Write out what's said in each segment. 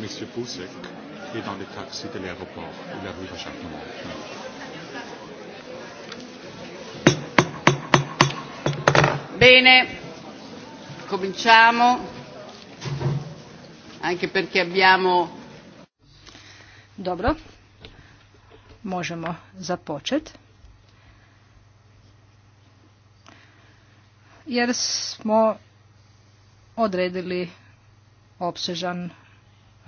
Monsieur Pusek est dans le taxi de l'aéroport. Il arrive à chaque moment. Bene, cominciamo, anche perché abbiamo... Dobro, možemo započet Jer smo odredili opsežan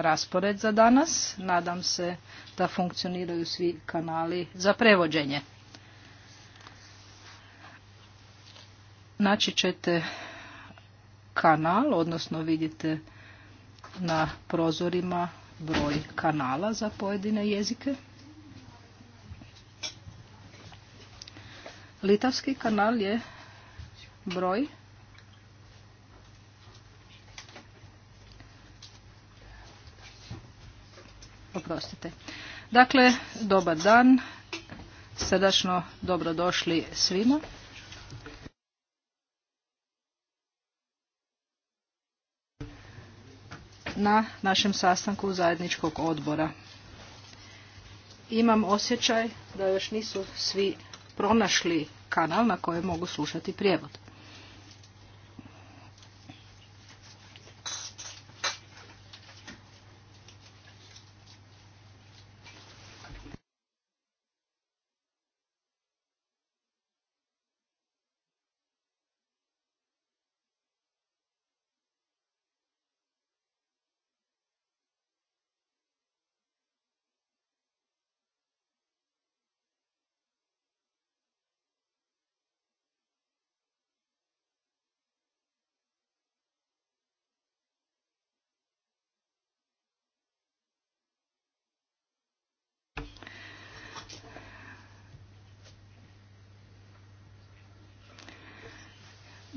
raspored za danas. Nadam se da funkcioniraju svi kanali za prevođenje. Naći ćete kanal, odnosno vidite na prozorima broj kanala za pojedine jezike. Litavski kanal je broj Dakle, dobar dan. Srdačno dobrodošli svima. Na našem sastanku zajedničkog odbora. Imam osjećaj da još nisu svi pronašli kanal na kojem mogu slušati prijevod.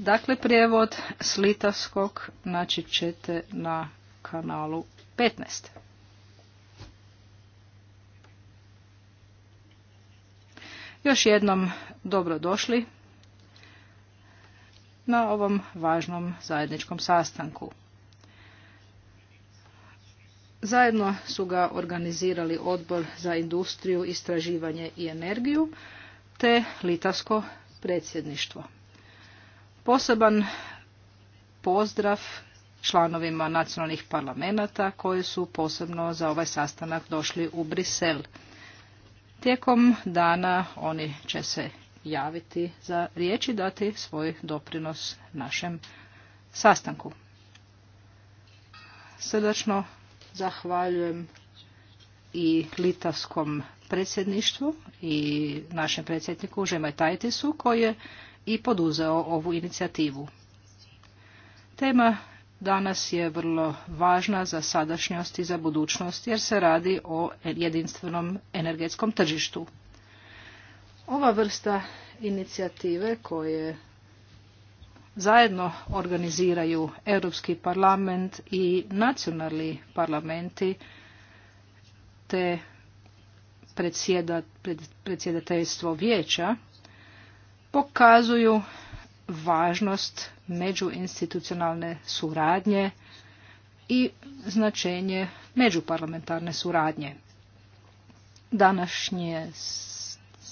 Dakle, prijevod s Litavskog naći ćete na kanalu 15. Još jednom dobrodošli na ovom važnom zajedničkom sastanku. Zajedno su ga organizirali odbor za industriju, istraživanje i energiju te litavsko predsjedništvo. Poseban pozdrav članovima nacionalnih parlamenta koji su posebno za ovaj sastanak došli u Brisel. Tijekom dana oni će se javiti za riječ i dati svoj doprinos našem sastanku. Srdačno zahvaljujem i litavskom predsjedništvu i našem predsjedniku Žemaj Tajtisu koji je i poduzeo ovu inicijativu. Tema danas je vrlo važna za sadašnjost i za budućnost jer se radi o jedinstvenom energetskom tržištu. Ova vrsta inicijative koje zajedno organiziraju Europski parlament i nacionalni parlamenti te predsjedateljstvo vijeća pokazuju važnost međuinstitucionalne suradnje i značenje međuparlamentarne suradnje. Današnje,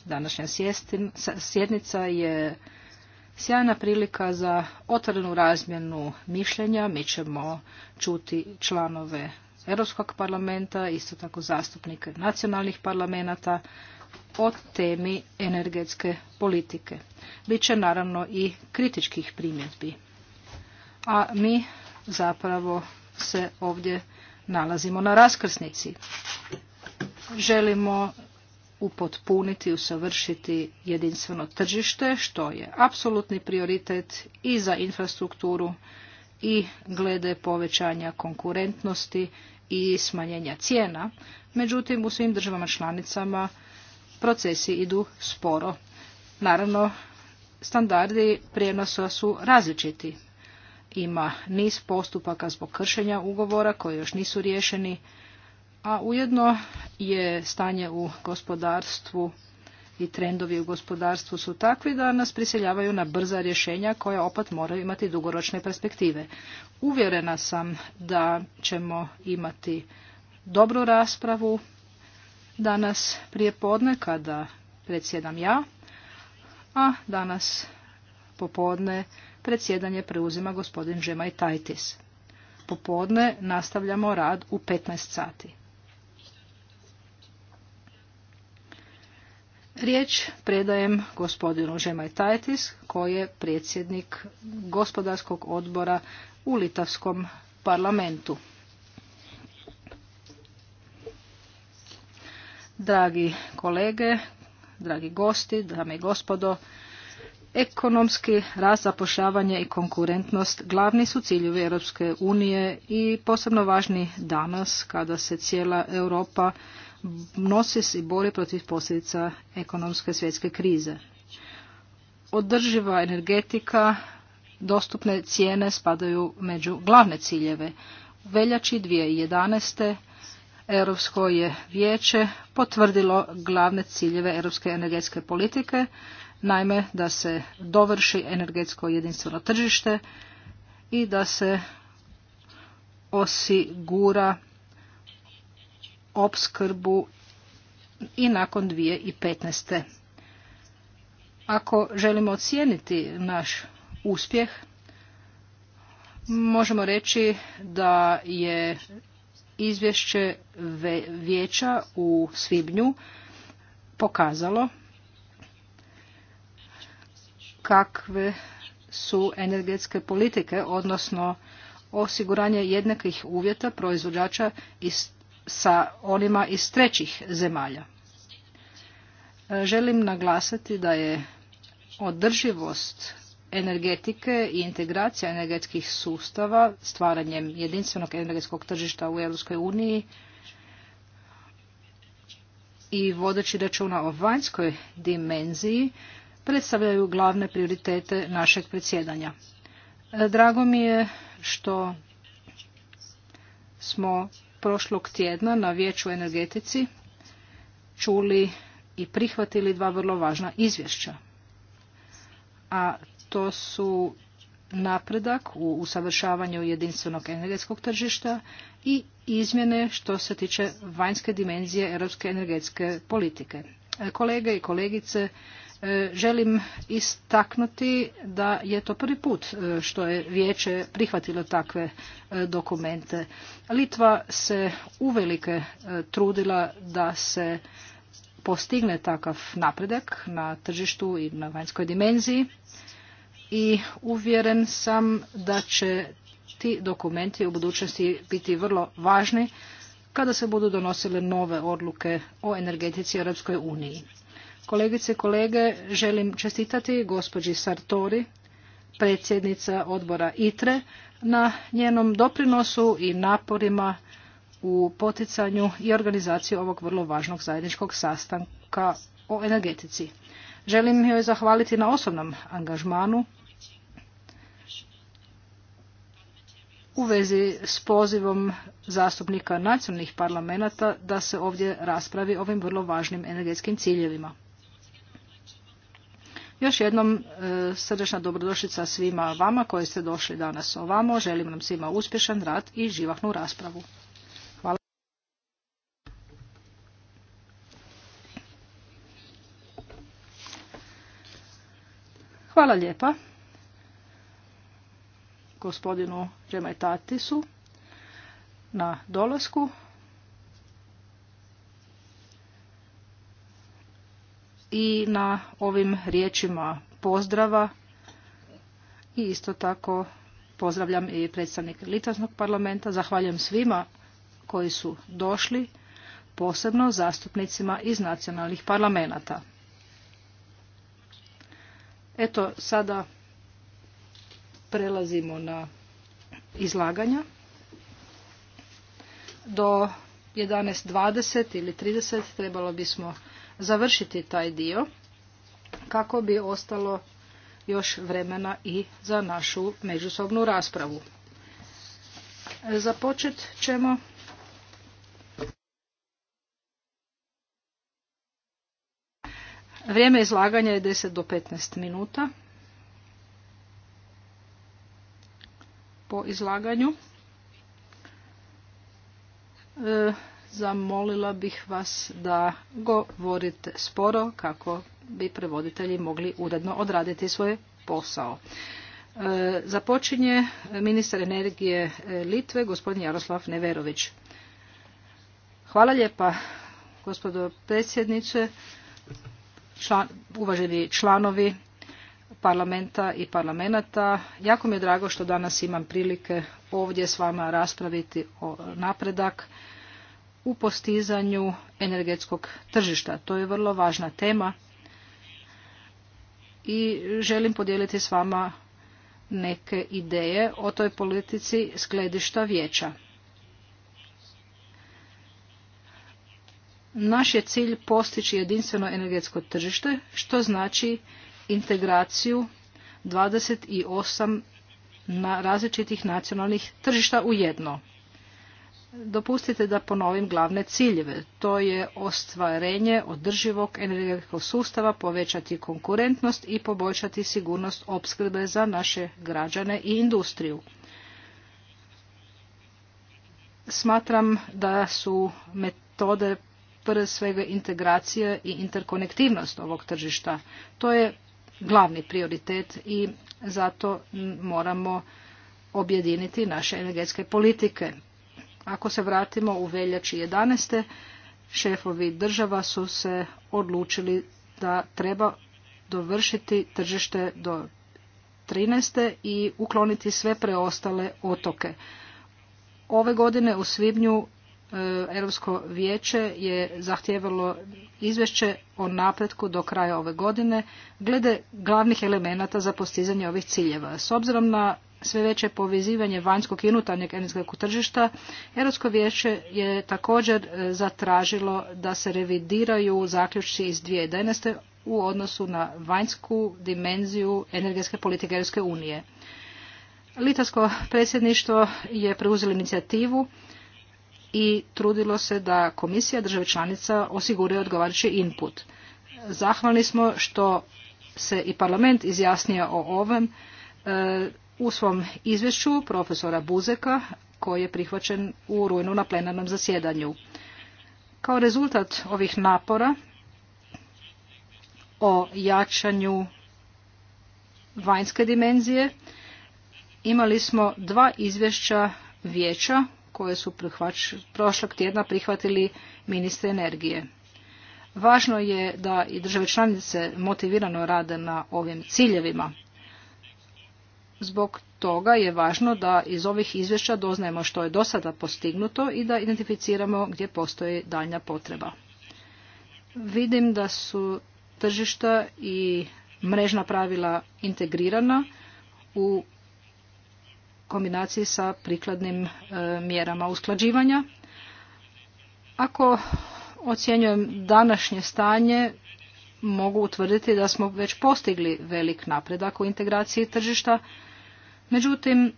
današnja sjednica je sjajna prilika za otvorenu razmjenu mišljenja. Mi ćemo čuti članove Europskog parlamenta, isto tako zastupnike nacionalnih parlamenta, o temi energetske politike. Biće naravno i kritičkih primjedbi. A mi zapravo se ovdje nalazimo na raskrsnici. Želimo upotpuniti, usavršiti jedinstveno tržište, što je apsolutni prioritet i za infrastrukturu i glede povećanja konkurentnosti i smanjenja cijena. Međutim, u svim državama članicama procesi idu sporo. Naravno, standardi prijenosa su različiti. Ima niz postupaka zbog kršenja ugovora koji još nisu riješeni, a ujedno je stanje u gospodarstvu i trendovi u gospodarstvu su takvi da nas prisiljavaju na brza rješenja koja opet moraju imati dugoročne perspektive. Uvjerena sam da ćemo imati dobru raspravu danas prije podne kada predsjedam ja, a danas popodne predsjedanje preuzima gospodin Žemaj Tajtis. Popodne nastavljamo rad u 15 sati. Riječ predajem gospodinu Žemaj Tajtis, koji je predsjednik gospodarskog odbora u Litavskom parlamentu. Dragi kolege, dragi gosti, dame i gospodo, ekonomski rast zapošljavanje i konkurentnost glavni su ciljevi Europske unije i posebno važni danas kada se cijela Europa nosi i bori protiv posljedica ekonomske svjetske krize. Održiva energetika, dostupne cijene spadaju među glavne ciljeve. U veljači 2011. Europsko je vijeće potvrdilo glavne ciljeve europske energetske politike, naime da se dovrši energetsko jedinstveno tržište i da se osigura opskrbu i nakon 2015. Ako želimo ocijeniti naš uspjeh, možemo reći da je izvješće vijeća u svibnju pokazalo kakve su energetske politike, odnosno osiguranje jednakih uvjeta proizvođača iz, sa onima iz trećih zemalja. Želim naglasiti da je održivost energetike i integracija energetskih sustava stvaranjem jedinstvenog energetskog tržišta u Europskoj uniji i vodeći računa o vanjskoj dimenziji predstavljaju glavne prioritete našeg predsjedanja. Drago mi je što smo prošlog tjedna na Vijeću energetici čuli i prihvatili dva vrlo važna izvješća. A to su napredak u usavršavanju jedinstvenog energetskog tržišta i izmjene što se tiče vanjske dimenzije europske energetske politike. E, kolege i kolegice, e, želim istaknuti da je to prvi put e, što je vijeće prihvatilo takve dokumente. Litva se uvelike trudila da se postigne takav napredak na tržištu i na vanjskoj dimenziji i uvjeren sam da će ti dokumenti u budućnosti biti vrlo važni kada se budu donosile nove odluke o energetici Europskoj uniji. Kolegice i kolege, želim čestitati gospođi Sartori, predsjednica odbora ITRE, na njenom doprinosu i naporima u poticanju i organizaciji ovog vrlo važnog zajedničkog sastanka o energetici. Želim joj zahvaliti na osobnom angažmanu u vezi s pozivom zastupnika nacionalnih parlamenta da se ovdje raspravi ovim vrlo važnim energetskim ciljevima. Još jednom e, srdečna dobrodošlica svima vama koji ste došli danas ovamo. Želim nam svima uspješan rad i živahnu raspravu. Hvala. Hvala lijepa gospodinu Remetatisu na dolasku. I na ovim riječima pozdrava i isto tako pozdravljam i predstavnik Litavskog parlamenta. Zahvaljujem svima koji su došli, posebno zastupnicima iz nacionalnih parlamenata. Eto, sada prelazimo na izlaganja. Do 11.20 ili 30 trebalo bismo završiti taj dio kako bi ostalo još vremena i za našu međusobnu raspravu. Započet ćemo Vrijeme izlaganja je 10 do 15 minuta. po izlaganju. E, zamolila bih vas da govorite sporo kako bi prevoditelji mogli uredno odraditi svoj posao. E, započinje ministar energije e, Litve, gospodin Jaroslav Neverović. Hvala lijepa, gospodo predsjednice, uvaženi članovi parlamenta i parlamenata. Jako mi je drago što danas imam prilike ovdje s vama raspraviti o napredak u postizanju energetskog tržišta. To je vrlo važna tema i želim podijeliti s vama neke ideje o toj politici skledišta vijeća. Naš je cilj postići jedinstveno energetsko tržište, što znači integraciju 28 na različitih nacionalnih tržišta u jedno. Dopustite da ponovim glavne ciljeve. To je ostvarenje održivog energetskog sustava, povećati konkurentnost i poboljšati sigurnost opskrbe za naše građane i industriju. Smatram da su metode prve svega integracije i interkonektivnost ovog tržišta. To je glavni prioritet i zato moramo objediniti naše energetske politike. Ako se vratimo u veljači 11. šefovi država su se odlučili da treba dovršiti tržište do 13. i ukloniti sve preostale otoke. Ove godine u svibnju E, Europsko vijeće je zahtijevalo izvješće o napretku do kraja ove godine glede glavnih elemenata za postizanje ovih ciljeva. S obzirom na sve veće povezivanje vanjskog i unutarnjeg energetskog tržišta, Europsko vijeće je također e, zatražilo da se revidiraju zaključci iz 2011. u odnosu na vanjsku dimenziju energetske politike Europske unije. Litarsko predsjedništvo je preuzelo inicijativu i trudilo se da komisija države članica osiguraju odgovarajući input. Zahvalni smo što se i parlament izjasnio o ovom e, u svom izvješću profesora Buzeka koji je prihvaćen u rujnu na plenarnom zasjedanju. Kao rezultat ovih napora o jačanju vanjske dimenzije imali smo dva izvješća vijeća koje su prošlog tjedna prihvatili ministre energije. Važno je da i države članice motivirano rade na ovim ciljevima. Zbog toga je važno da iz ovih izvješća doznajemo što je do sada postignuto i da identificiramo gdje postoji daljnja potreba. Vidim da su tržišta i mrežna pravila integrirana u kombinaciji sa prikladnim e, mjerama usklađivanja. Ako ocjenjujem današnje stanje, mogu utvrditi da smo već postigli velik napredak u integraciji tržišta, međutim,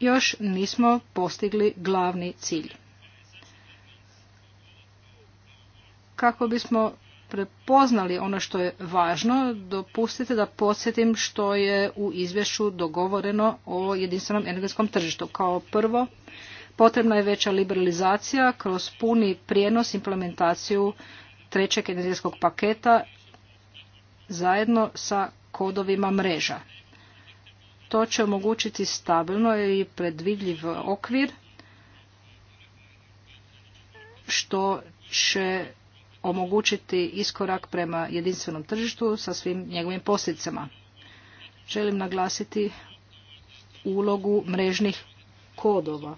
još nismo postigli glavni cilj. Kako bismo prepoznali ono što je važno, dopustite da podsjetim što je u izvješću dogovoreno o jedinstvenom energetskom tržištu. Kao prvo, potrebna je veća liberalizacija kroz puni prijenos implementaciju trećeg energetskog paketa zajedno sa kodovima mreža. To će omogućiti stabilno i predvidljiv okvir što će omogućiti iskorak prema jedinstvenom tržištu sa svim njegovim posljedicama. Želim naglasiti ulogu mrežnih kodova.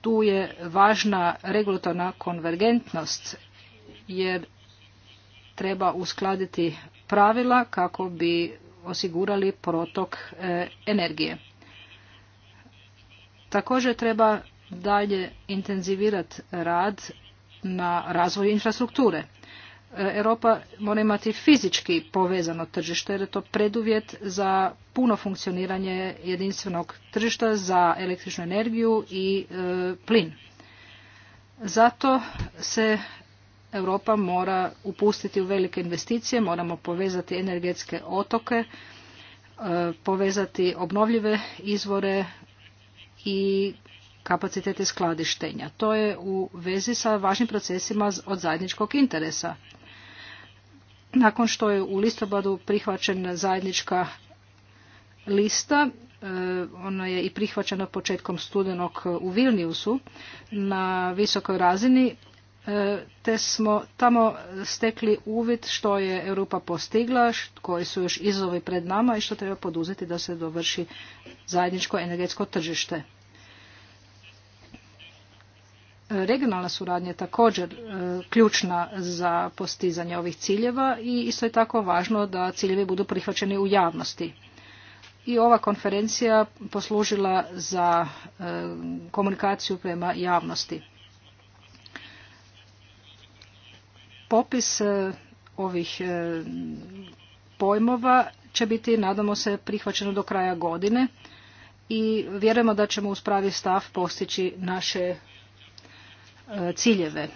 Tu je važna regulatorna konvergentnost jer treba uskladiti pravila kako bi osigurali protok e, energije. Također treba dalje intenzivirati rad na razvoju infrastrukture. E, Europa mora imati fizički povezano tržište jer je to preduvjet za puno funkcioniranje jedinstvenog tržišta za električnu energiju i e, plin. Zato se Europa mora upustiti u velike investicije, moramo povezati energetske otoke, e, povezati obnovljive izvore i kapacitete skladištenja. To je u vezi sa važnim procesima od zajedničkog interesa. Nakon što je u listopadu prihvaćena zajednička lista, ono je i prihvaćena početkom studenog u Vilniusu na visokoj razini, e, te smo tamo stekli uvid što je Europa postigla, koji su još izovi pred nama i što treba poduzeti da se dovrši zajedničko energetsko tržište. Regionalna suradnja je također e, ključna za postizanje ovih ciljeva i isto je tako važno da ciljevi budu prihvaćeni u javnosti. I ova konferencija poslužila za e, komunikaciju prema javnosti. Popis e, ovih pojmova će biti, nadamo se, prihvaćeno do kraja godine i vjerujemo da ćemo uz pravi stav postići naše E, ciljeve.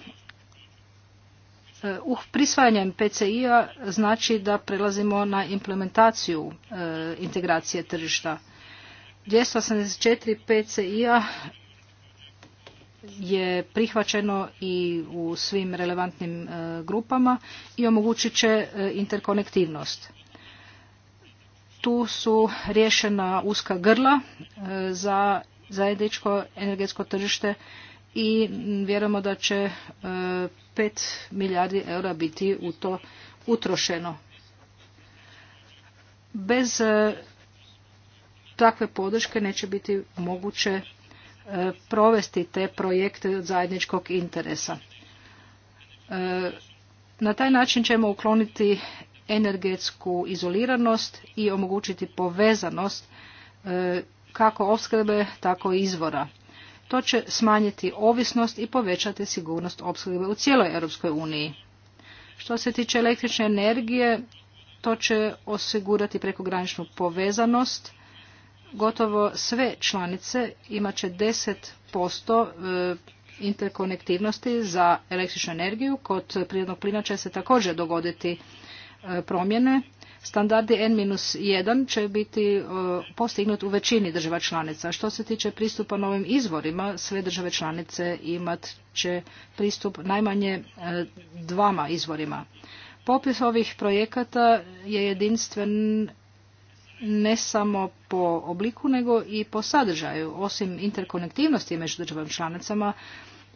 E, uh, prisvajanjem PCI-a znači da prelazimo na implementaciju e, integracije tržišta. 284 PCI-a je prihvaćeno i u svim relevantnim grupama i omogućit će interkonektivnost. Tu su rješena uska grla za zajedničko energetsko tržište i vjerujemo da će 5 e, milijardi eura biti u to utrošeno. Bez e, takve podrške neće biti moguće e, provesti te projekte od zajedničkog interesa. Na taj način ćemo ukloniti energetsku izoliranost i omogućiti povezanost kako opskrbe, tako i izvora. To će smanjiti ovisnost i povećati sigurnost opskrbe u cijeloj Europskoj uniji. Što se tiče električne energije, to će osigurati prekograničnu povezanost. Gotovo sve članice imat će 10% e, interkonektivnosti za električnu energiju. Kod prirodnog plina će se također dogoditi e, promjene Standardi N-1 će biti e, postignut u većini država članica. Što se tiče pristupa novim izvorima, sve države članice imat će pristup najmanje e, dvama izvorima. Popis ovih projekata je jedinstven ne samo po obliku, nego i po sadržaju. Osim interkonektivnosti među državom članicama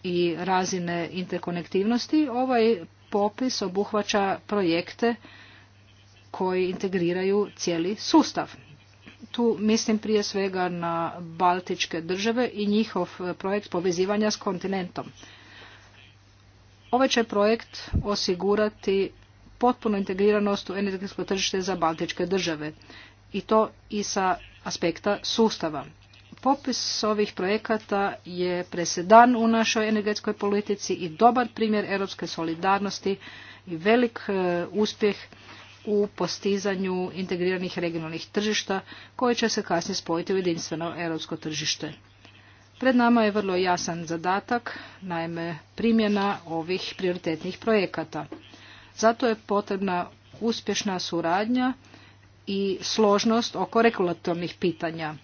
i razine interkonektivnosti, ovaj popis obuhvaća projekte koji integriraju cijeli sustav. Tu mislim prije svega na Baltičke države i njihov e, projekt povezivanja s kontinentom. Ovaj će projekt osigurati potpuno integriranost u energetsko tržište za Baltičke države i to i sa aspekta sustava. Popis ovih projekata je presedan u našoj energetskoj politici i dobar primjer europske solidarnosti i velik e, uspjeh u postizanju integriranih regionalnih tržišta koje će se kasnije spojiti u jedinstveno europsko tržište. Pred nama je vrlo jasan zadatak, naime primjena ovih prioritetnih projekata. Zato je potrebna uspješna suradnja i složnost oko regulatornih pitanja.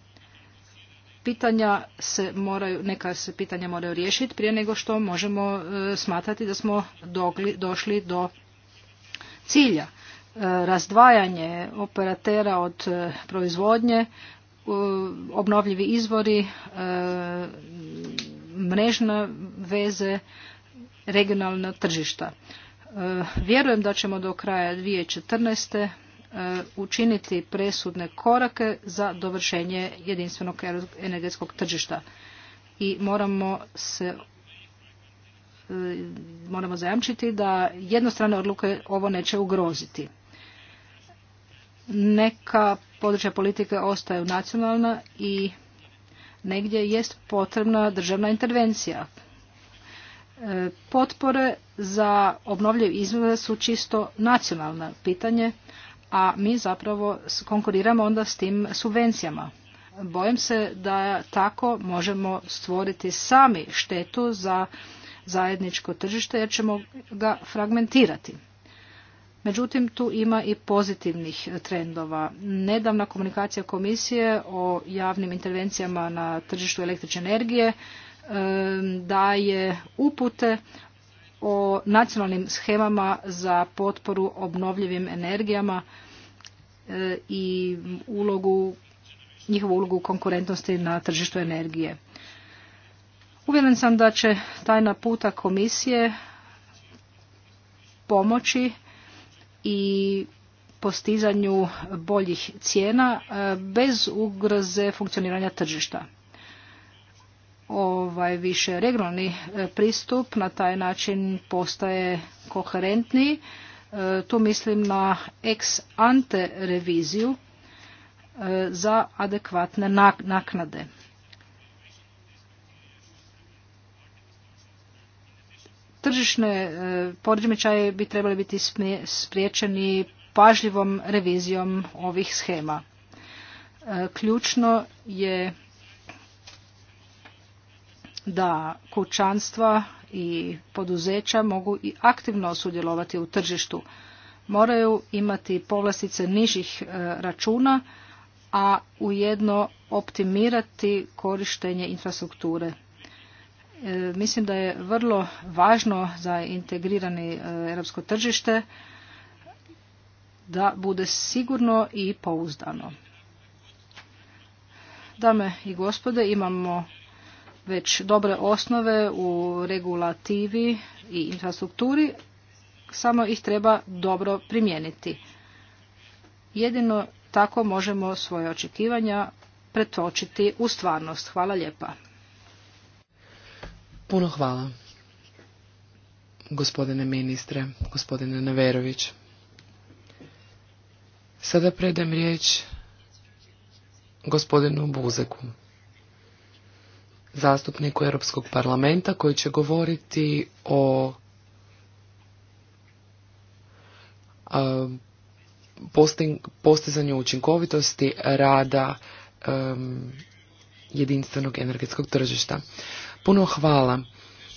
Pitanja se moraju, neka se pitanja moraju riješiti prije nego što možemo e, smatrati da smo dogli, došli do cilja. E, razdvajanje operatera od e, proizvodnje, e, obnovljivi izvori, mrežne veze, regionalna tržišta. Vjerujem da ćemo do kraja 2014 učiniti presudne korake za dovršenje jedinstvenog energetskog tržišta. I moramo se moramo zajamčiti da jednostrane odluke ovo neće ugroziti. Neka područja politike ostaju nacionalna i negdje jest potrebna državna intervencija. E, potpore za obnovljive izvore su čisto nacionalna pitanje, a mi zapravo konkuriramo onda s tim subvencijama. Bojim se da tako možemo stvoriti sami štetu za zajedničko tržište jer ćemo ga fragmentirati. Međutim, tu ima i pozitivnih trendova. Nedavna komunikacija komisije o javnim intervencijama na tržištu električne energije e, daje upute o nacionalnim schemama za potporu obnovljivim energijama e, i ulogu, njihovu ulogu konkurentnosti na tržištu energije. Uvjeren sam da će tajna puta komisije pomoći i postizanju boljih cijena e, bez ugroze funkcioniranja tržišta. Ovaj više regionalni e, pristup na taj način postaje koherentniji. E, tu mislim na ex ante reviziju za adekvatne naknade. tržišne e, poređmećaje bi trebali biti spriječeni pažljivom revizijom ovih schema. E, ključno je da kućanstva i poduzeća mogu i aktivno sudjelovati u tržištu. Moraju imati povlastice nižih e, računa, a ujedno optimirati korištenje infrastrukture. E, mislim da je vrlo važno za integrirani e, europsko tržište da bude sigurno i pouzdano. Dame i gospode, imamo već dobre osnove u regulativi i infrastrukturi, samo ih treba dobro primijeniti. Jedino tako možemo svoje očekivanja pretočiti u stvarnost. Hvala lijepa. Puno hvala, gospodine ministre, gospodine Neverović. Sada predam riječ gospodinu Buzeku, zastupniku Europskog parlamenta koji će govoriti o postizanju učinkovitosti rada jedinstvenog energetskog tržišta. Puno hvala,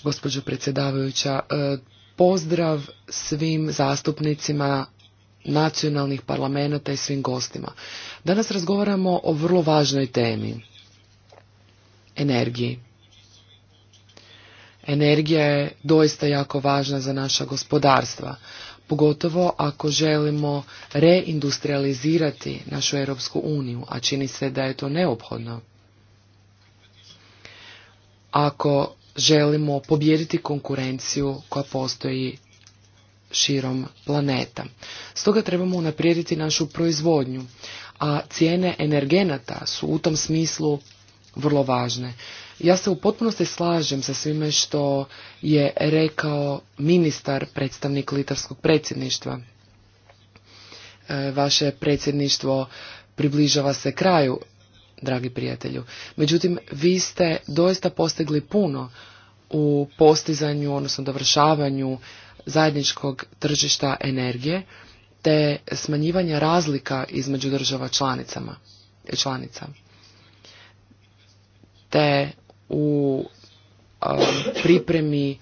gospođo predsjedavajuća. E, pozdrav svim zastupnicima nacionalnih parlamenta i svim gostima. Danas razgovaramo o vrlo važnoj temi. Energiji. Energija je doista jako važna za naša gospodarstva, pogotovo ako želimo reindustrializirati našu Europsku uniju, a čini se da je to neophodno ako želimo pobijediti konkurenciju koja postoji širom planeta. Stoga trebamo unaprijediti našu proizvodnju, a cijene energenata su u tom smislu vrlo važne. Ja se u potpunosti slažem sa svime što je rekao ministar predstavnik Litarskog predsjedništva. E, vaše predsjedništvo približava se kraju dragi prijatelju. Međutim, vi ste doista postigli puno u postizanju, odnosno dovršavanju zajedničkog tržišta energije, te smanjivanja razlika između država članica. Te u um, pripremi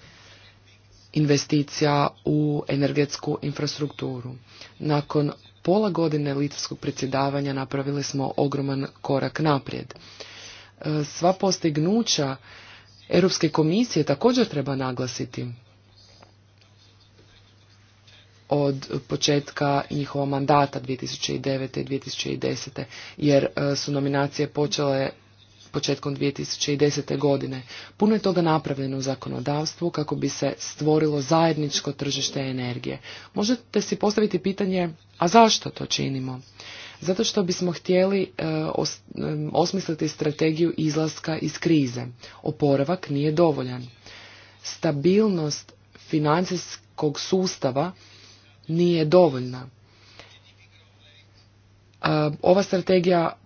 investicija u energetsku infrastrukturu. Nakon pola godine litvskog predsjedavanja napravili smo ogroman korak naprijed. E, sva postignuća Europske komisije također treba naglasiti od početka njihova mandata 2009. i 2010. jer e, su nominacije počele početkom 2010. godine. Puno je toga napravljeno u zakonodavstvu kako bi se stvorilo zajedničko tržište energije. Možete si postaviti pitanje, a zašto to činimo? Zato što bismo htjeli e, e, osmisliti strategiju izlaska iz krize. Oporavak nije dovoljan. Stabilnost financijskog sustava nije dovoljna. E, ova strategija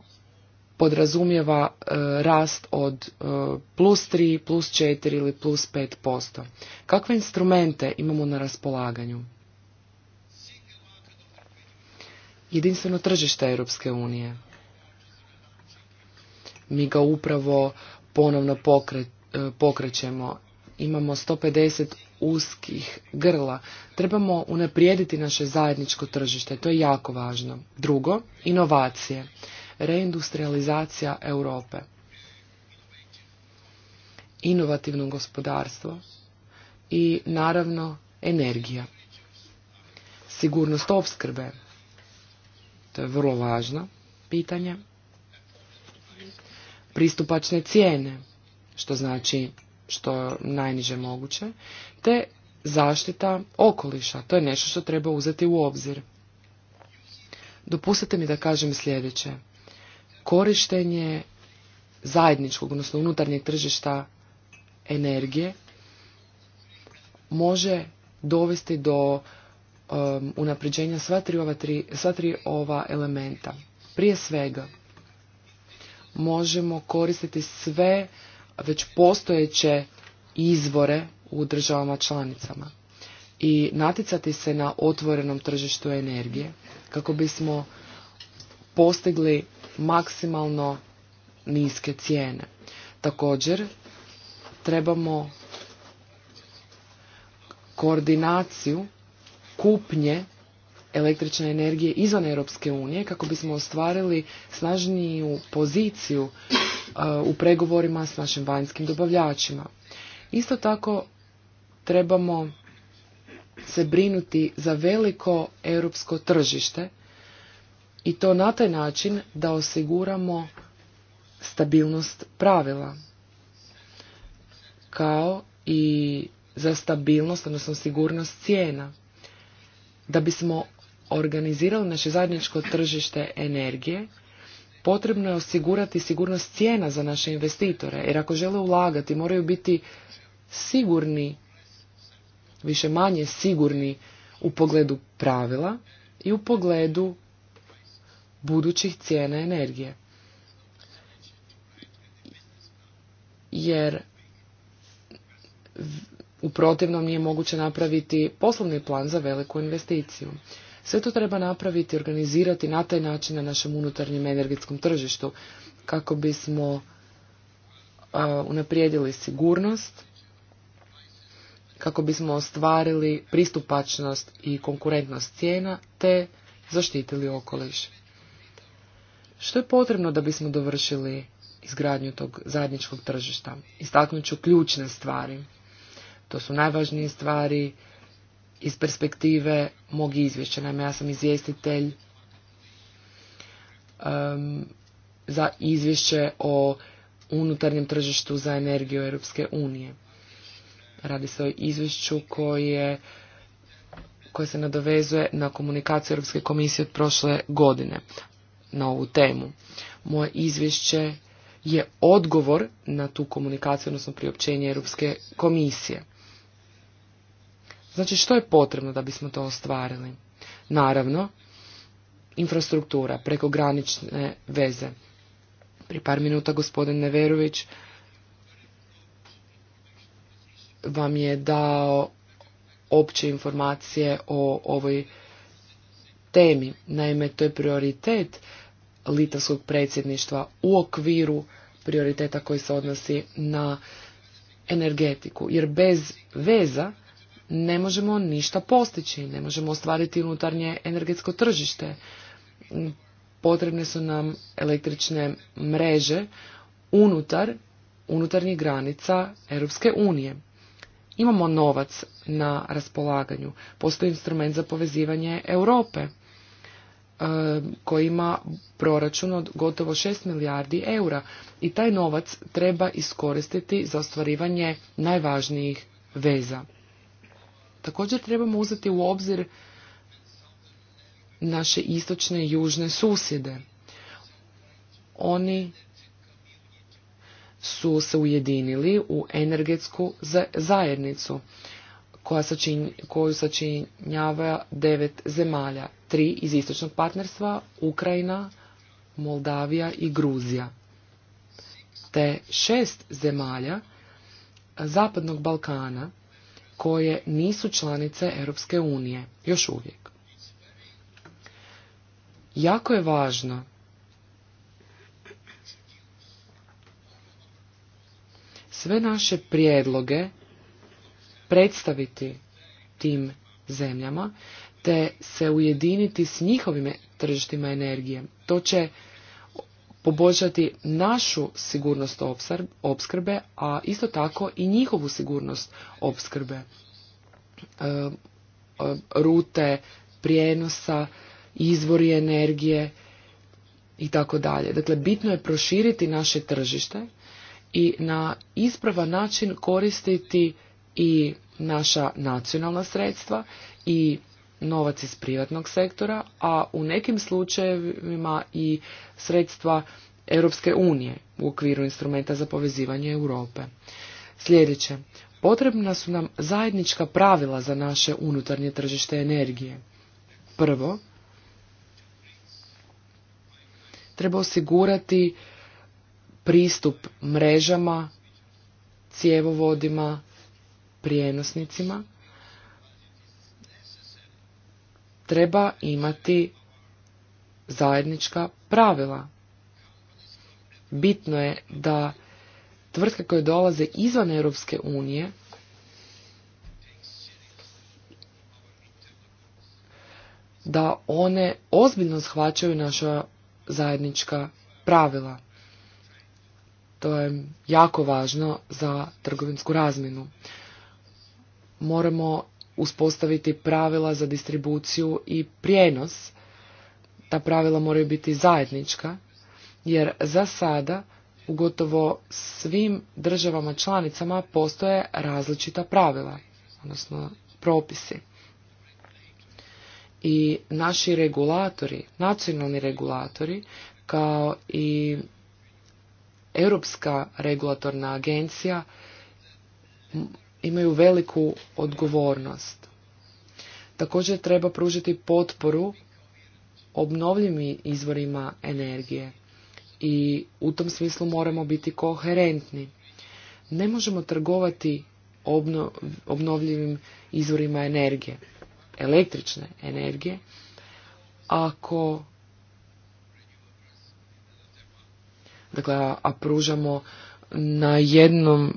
podrazumijeva e, rast od e, plus 3, plus 4 ili plus 5%. Kakve instrumente imamo na raspolaganju? Jedinstveno tržište Europske unije. Mi ga upravo ponovno e, pokrećemo. Imamo 150 uskih grla. Trebamo unaprijediti naše zajedničko tržište, to je jako važno. Drugo, inovacije reindustrializacija Europe, inovativno gospodarstvo i naravno energija. Sigurnost opskrbe, to je vrlo važno pitanje. Pristupačne cijene, što znači što je najniže moguće, te zaštita okoliša, to je nešto što treba uzeti u obzir. Dopustite mi da kažem sljedeće korištenje zajedničkog, odnosno unutarnjeg tržišta energije može dovesti do um, unapređenja sva tri, ova ova elementa. Prije svega, možemo koristiti sve već postojeće izvore u državama članicama i naticati se na otvorenom tržištu energije kako bismo postigli maksimalno niske cijene. Također, trebamo koordinaciju kupnje električne energije izvan Europske unije kako bismo ostvarili snažniju poziciju uh, u pregovorima s našim vanjskim dobavljačima. Isto tako trebamo se brinuti za veliko europsko tržište i to na taj način da osiguramo stabilnost pravila kao i za stabilnost, odnosno sigurnost cijena. Da bismo organizirali naše zajedničko tržište energije, potrebno je osigurati sigurnost cijena za naše investitore, jer ako žele ulagati, moraju biti sigurni, više manje sigurni u pogledu pravila i u pogledu budućih cijena energije. Jer u protivnom nije moguće napraviti poslovni plan za veliku investiciju. Sve to treba napraviti i organizirati na taj način na našem unutarnjem energetskom tržištu kako bismo unaprijedili sigurnost, kako bismo ostvarili pristupačnost i konkurentnost cijena te zaštitili okoliš. Što je potrebno da bismo dovršili izgradnju tog zajedničkog tržišta? Istaknut ću ključne stvari. To su najvažnije stvari iz perspektive mog izvješća. Naime, ja sam izvjestitelj za izvješće o unutarnjem tržištu za energiju Europske unije. Radi se o izvješću koje koje se nadovezuje na komunikaciju Europske komisije od prošle godine na ovu temu. Moje izvješće je odgovor na tu komunikaciju, odnosno priopćenje Europske komisije. Znači, što je potrebno da bismo to ostvarili? Naravno, infrastruktura, prekogranične veze. Pri par minuta gospodin Neverović vam je dao opće informacije o ovoj temi. Naime, to je prioritet litavskog predsjedništva u okviru prioriteta koji se odnosi na energetiku. Jer bez veza ne možemo ništa postići, ne možemo ostvariti unutarnje energetsko tržište. Potrebne su nam električne mreže unutar unutarnjih granica Europske unije. Imamo novac na raspolaganju, postoji instrument za povezivanje Europe. E, koji ima proračun od gotovo 6 milijardi eura i taj novac treba iskoristiti za ostvarivanje najvažnijih veza. Također trebamo uzeti u obzir naše istočne i južne susjede. Oni su se ujedinili u energetsku zajednicu koja sačin, koju sačinjava devet zemalja, tri iz istočnog partnerstva, Ukrajina, Moldavija i Gruzija, te šest zemalja e, Zapadnog Balkana koje nisu članice Europske unije, još uvijek. Jako je važno sve naše prijedloge predstaviti tim zemljama te se ujediniti s njihovim tržištima energije. To će poboljšati našu sigurnost opskrbe, a isto tako i njihovu sigurnost opskrbe. E, e, rute, prijenosa, izvori energije i tako dalje. Dakle, bitno je proširiti naše tržište i na ispravan način koristiti i naša nacionalna sredstva i novac iz privatnog sektora, a u nekim slučajevima i sredstva Europske unije u okviru instrumenta za povezivanje Europe. Sljedeće, potrebna su nam zajednička pravila za naše unutarnje tržište energije. Prvo, treba osigurati pristup mrežama, cjevovodima, prijenosnicima treba imati zajednička pravila. Bitno je da tvrtke koje dolaze izvan Europske unije da one ozbiljno shvaćaju naša zajednička pravila. To je jako važno za trgovinsku razmjenu moramo uspostaviti pravila za distribuciju i prijenos. Ta pravila moraju biti zajednička, jer za sada u gotovo svim državama članicama postoje različita pravila, odnosno propisi. I naši regulatori, nacionalni regulatori, kao i Europska regulatorna agencija imaju veliku odgovornost. Također treba pružiti potporu obnovljivim izvorima energije i u tom smislu moramo biti koherentni. Ne možemo trgovati obnovljivim izvorima energije, električne energije, ako dakle, a pružamo na jednom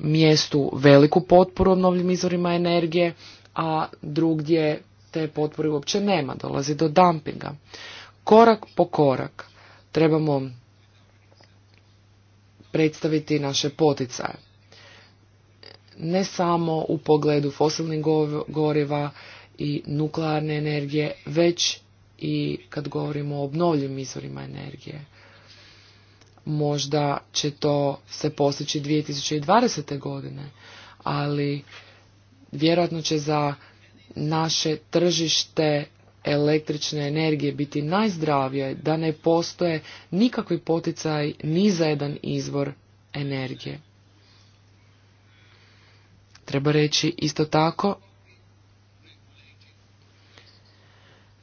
mjestu veliku potporu obnovljivim izvorima energije, a drugdje te potpore uopće nema, dolazi do dumpinga. Korak po korak trebamo predstaviti naše poticaje. Ne samo u pogledu fosilnih goriva i nuklearne energije, već i kad govorimo o obnovljivim izvorima energije. Možda će to se postići 2020. godine, ali vjerojatno će za naše tržište električne energije biti najzdravije, da ne postoje nikakvi poticaj ni za jedan izvor energije. Treba reći isto tako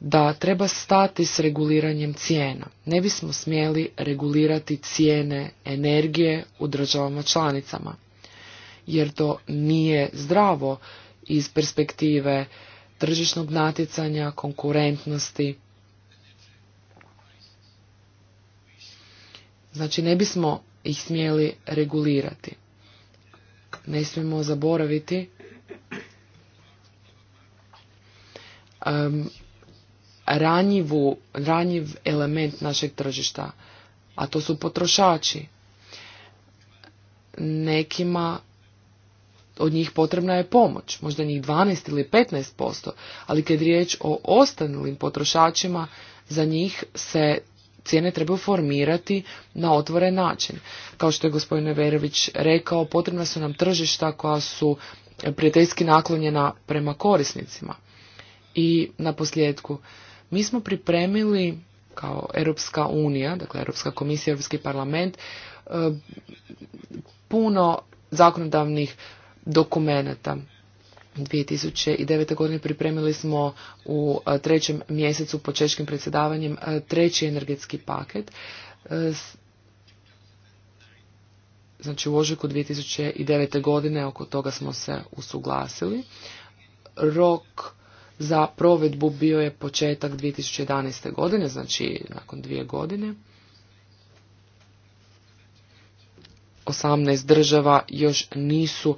da treba stati s reguliranjem cijena. Ne bismo smjeli regulirati cijene energije u državama članicama, jer to nije zdravo iz perspektive tržišnog natjecanja, konkurentnosti. Znači ne bismo ih smjeli regulirati. Ne smijemo zaboraviti ranjivu, ranjiv element našeg tržišta, a to su potrošači. Nekima od njih potrebna je pomoć, možda njih 12 ili 15%, ali kad je riječ o ostalim potrošačima, za njih se cijene trebaju formirati na otvoren način. Kao što je gospodin Neverović rekao, potrebna su nam tržišta koja su prijateljski naklonjena prema korisnicima. I na posljedku, mi smo pripremili kao Europska unija, dakle Europska komisija, Europski parlament, e, puno zakonodavnih dokumenata. 2009. godine pripremili smo u e, trećem mjesecu po češkim predsjedavanjem e, treći energetski paket. Znači u ožujku 2009. godine oko toga smo se usuglasili. Rok za provedbu bio je početak 2011. godine, znači nakon dvije godine. 18 država još nisu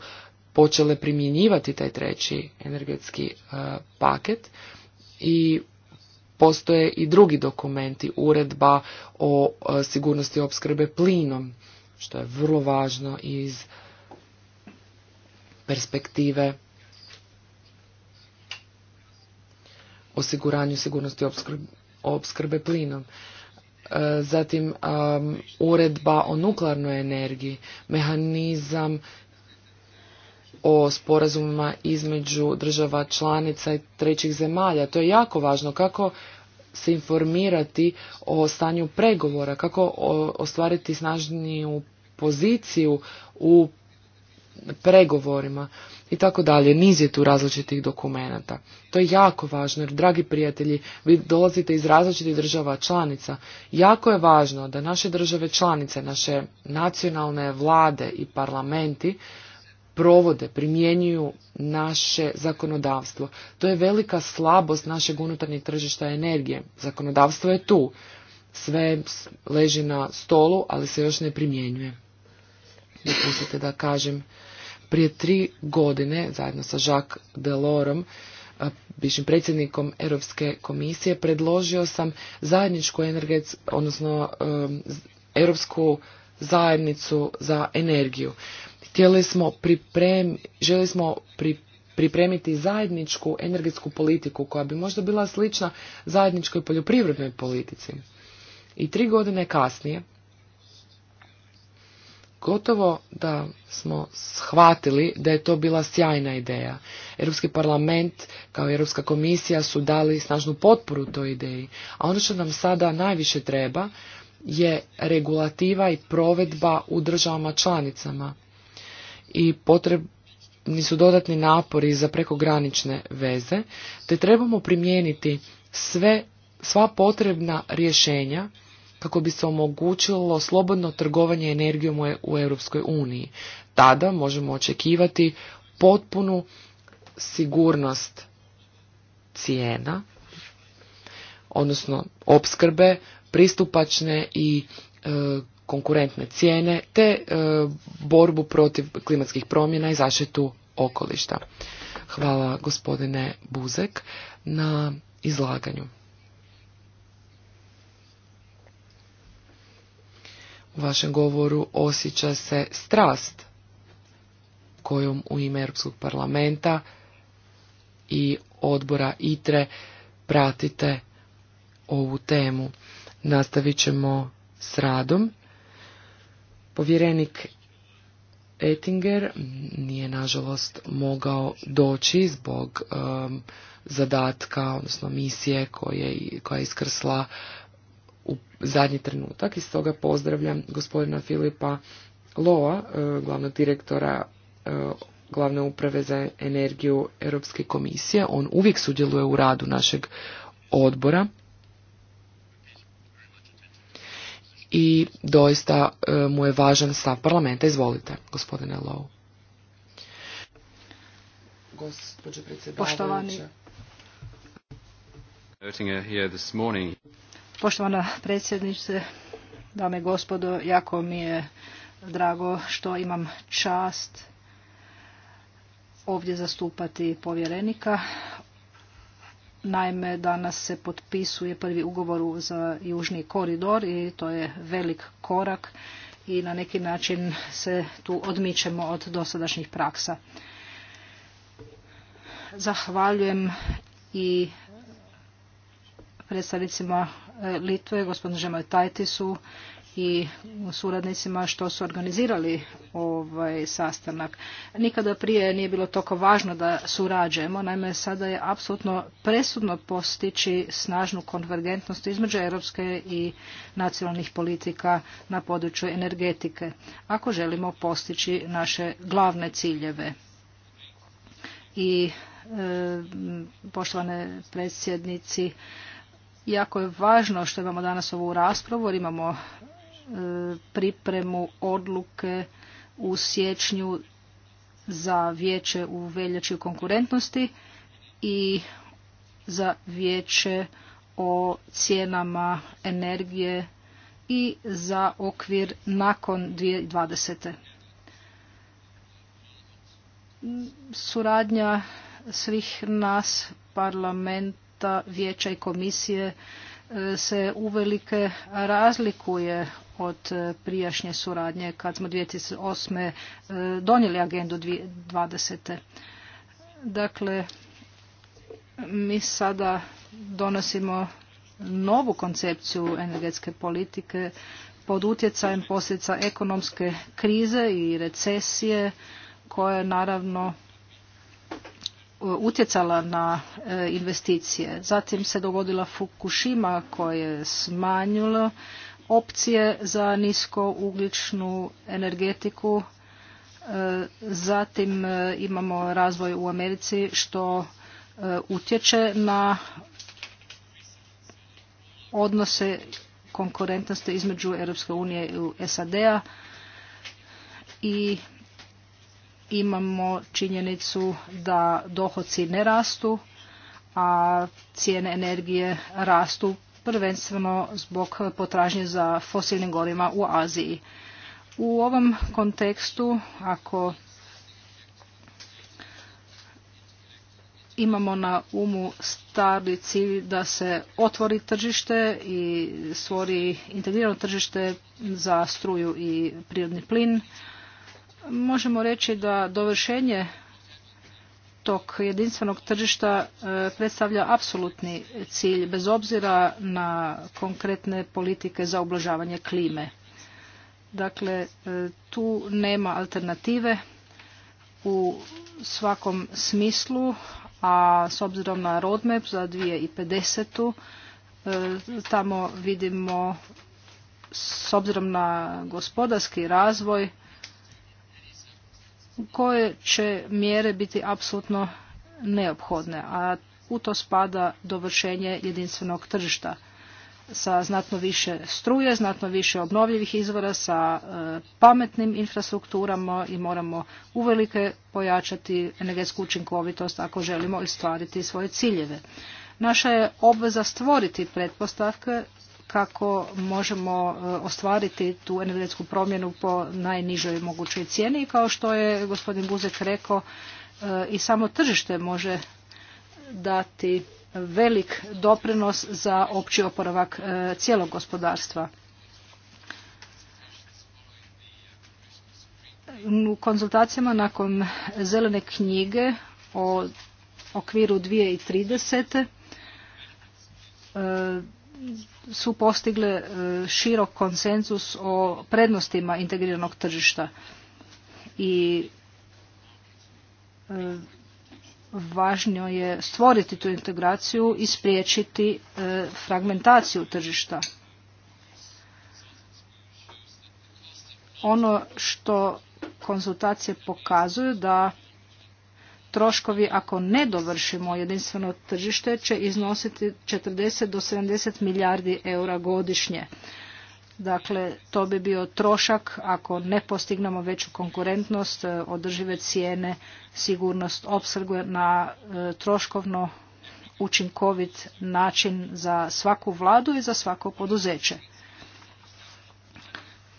počele primjenjivati taj treći energetski e, paket i postoje i drugi dokumenti, uredba o e, sigurnosti opskrbe plinom, što je vrlo važno iz perspektive osiguranju sigurnosti opskrbe plinom. E, zatim uredba o nuklearnoj energiji, mehanizam o sporazumima između država članica i trećih zemalja. To je jako važno kako se informirati o stanju pregovora, kako ostvariti snažniju poziciju u pregovorima i tako dalje. Niz je tu različitih dokumenata. To je jako važno jer, dragi prijatelji, vi dolazite iz različitih država članica. Jako je važno da naše države članice, naše nacionalne vlade i parlamenti provode, primjenjuju naše zakonodavstvo. To je velika slabost našeg unutarnjeg tržišta energije. Zakonodavstvo je tu. Sve leži na stolu, ali se još ne primjenjuje dopustite da kažem. Prije tri godine, zajedno sa Jacques Delorom, bivšim predsjednikom Europske komisije, predložio sam zajedničku energetsku, odnosno Europsku zajednicu za energiju. Htjeli smo pripremi, želi smo pripremiti zajedničku energetsku politiku koja bi možda bila slična zajedničkoj poljoprivrednoj politici. I tri godine kasnije, Gotovo da smo shvatili da je to bila sjajna ideja. Europski parlament kao i Europska komisija su dali snažnu potporu toj ideji, a ono što nam sada najviše treba je regulativa i provedba u državama članicama i potrebni su dodatni napori za prekogranične veze, te trebamo primijeniti sve, sva potrebna rješenja kako bi se omogućilo slobodno trgovanje energijom e- u Europskoj uniji. Tada možemo očekivati potpunu sigurnost cijena, odnosno opskrbe, pristupačne i e, konkurentne cijene, te e, borbu protiv klimatskih promjena i zaštitu okolišta. Hvala gospodine Buzek na izlaganju. U vašem govoru osjeća se strast kojom u ime Europskog parlamenta i odbora ITRE pratite ovu temu. Nastavit ćemo s radom. Povjerenik Ettinger nije nažalost mogao doći zbog um, zadatka, odnosno misije koja je iskrsla zadnji trenutak i stoga pozdravljam gospodina Filipa Loa, e, glavnog direktora e, glavne uprave za energiju Europske komisije. On uvijek sudjeluje u radu našeg odbora i doista e, mu je važan stav parlamenta. Izvolite, gospodine Lowe. Poštovani. Poštovana predsjednice, dame i gospodo, jako mi je drago što imam čast ovdje zastupati povjerenika. Naime, danas se potpisuje prvi ugovor za južni koridor i to je velik korak i na neki način se tu odmičemo od dosadašnjih praksa. Zahvaljujem i predstavnicima e, Litve, gospodinu Žemaj Tajtisu i suradnicima što su organizirali ovaj sastanak. Nikada prije nije bilo toliko važno da surađujemo, naime sada je apsolutno presudno postići snažnu konvergentnost između europske i nacionalnih politika na području energetike, ako želimo postići naše glavne ciljeve. I e, poštovane predsjednici Jako je važno što imamo danas ovu raspravu jer imamo e, pripremu odluke u siječnju za vijeće u veljači konkurentnosti i za vijeće o cijenama energije i za okvir nakon 2020. Suradnja svih nas, parlament, ta vijeća i komisije e, se uvelike razlikuje od e, prijašnje suradnje kad smo 2008. E, donijeli agendu 2020. Dakle, mi sada donosimo novu koncepciju energetske politike pod utjecajem posljedica ekonomske krize i recesije koje naravno utjecala na e, investicije. Zatim se dogodila Fukushima koja je smanjila opcije za nisko niskougljičnu energetiku. E, zatim e, imamo razvoj u Americi što utječe na odnose konkurentnosti između Europske unije i SAD-a i imamo činjenicu da dohodci ne rastu, a cijene energije rastu prvenstveno zbog potražnje za fosilnim gorima u Aziji. U ovom kontekstu, ako imamo na umu stari cilj da se otvori tržište i stvori integrirano tržište za struju i prirodni plin, možemo reći da dovršenje tog jedinstvenog tržišta e, predstavlja apsolutni cilj bez obzira na konkretne politike za ublažavanje klime. Dakle, e, tu nema alternative u svakom smislu, a s obzirom na roadmap za 2050. E, tamo vidimo s obzirom na gospodarski razvoj koje će mjere biti apsolutno neophodne, a u to spada dovršenje jedinstvenog tržišta sa znatno više struje, znatno više obnovljivih izvora, sa e, pametnim infrastrukturama i moramo uvelike pojačati energetsku učinkovitost ako želimo ostvariti svoje ciljeve. Naša je obveza stvoriti pretpostavke kako možemo e, ostvariti tu energetsku promjenu po najnižoj mogućoj cijeni i kao što je gospodin Buzek rekao e, i samo tržište može dati velik doprinos za opći oporavak e, cijelog gospodarstva. U konzultacijama nakon zelene knjige o okviru 2030 su postigle e, širok konsenzus o prednostima integriranog tržišta i e, važno je stvoriti tu integraciju i spriječiti e, fragmentaciju tržišta. Ono što konsultacije pokazuju da troškovi ako ne dovršimo jedinstveno tržište će iznositi 40 do 70 milijardi eura godišnje. Dakle, to bi bio trošak ako ne postignemo veću konkurentnost, e, održive cijene, sigurnost opskrbe na e, troškovno učinkovit način za svaku vladu i za svako poduzeće.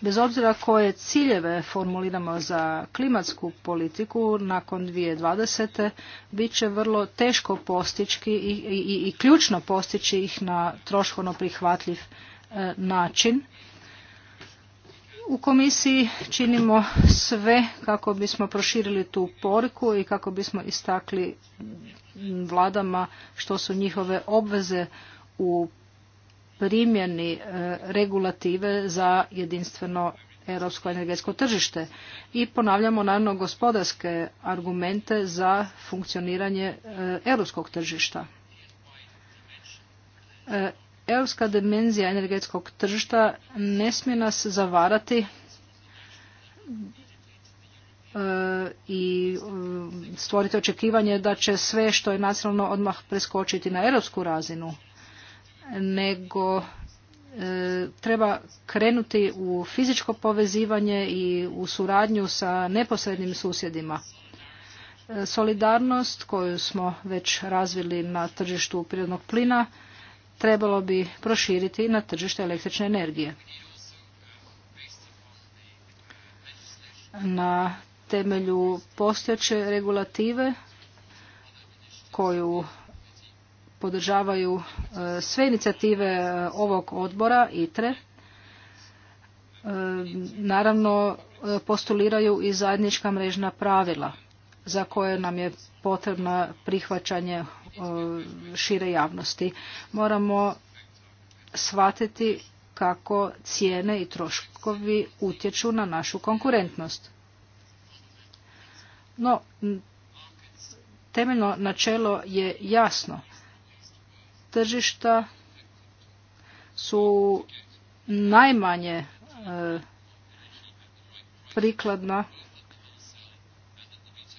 Bez obzira koje ciljeve formuliramo za klimatsku politiku nakon 2020. bit će vrlo teško postići i, ključno postići ih na troškovno prihvatljiv e, način. U komisiji činimo sve kako bismo proširili tu poruku i kako bismo istakli vladama što su njihove obveze u primjeni e, regulative za jedinstveno europsko energetsko tržište i ponavljamo naravno gospodarske argumente za funkcioniranje e, europskog tržišta. E, europska dimenzija energetskog tržišta ne smije nas zavarati i stvoriti očekivanje da će sve što je nacionalno odmah preskočiti na europsku razinu nego e, treba krenuti u fizičko povezivanje i u suradnju sa neposrednim susjedima. E, solidarnost koju smo već razvili na tržištu prirodnog plina trebalo bi proširiti na tržište električne energije. Na temelju postojeće regulative koju podržavaju e, sve inicijative e, ovog odbora ITRE. E, naravno, postuliraju i zajednička mrežna pravila za koje nam je potrebno prihvaćanje šire javnosti. Moramo shvatiti kako cijene i troškovi utječu na našu konkurentnost. No, temeljno načelo je jasno – tržišta su najmanje e, prikladna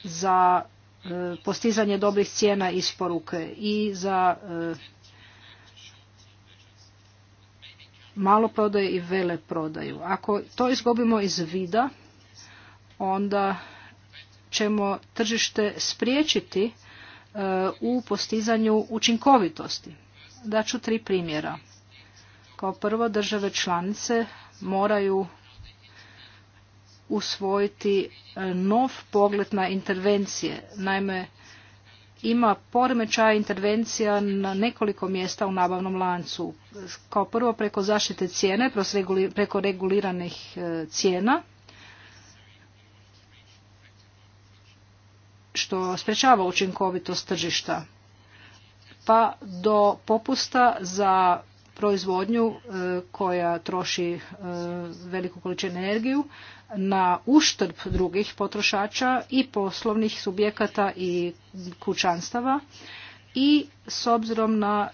za e, postizanje dobrih cijena isporuke i za e, malo prodaje i vele prodaju. Ako to izgubimo iz vida, onda ćemo tržište spriječiti u postizanju učinkovitosti ću tri primjera. Kao prvo, države članice moraju usvojiti e, nov pogled na intervencije. Naime, ima poremećaja intervencija na nekoliko mjesta u nabavnom lancu. Kao prvo preko zaštite cijene, preko reguliranih e, cijena, što sprečava učinkovitost tržišta pa do popusta za proizvodnju e, koja troši e, veliku količinu energiju na uštrb drugih potrošača i poslovnih subjekata i kućanstava i s obzirom na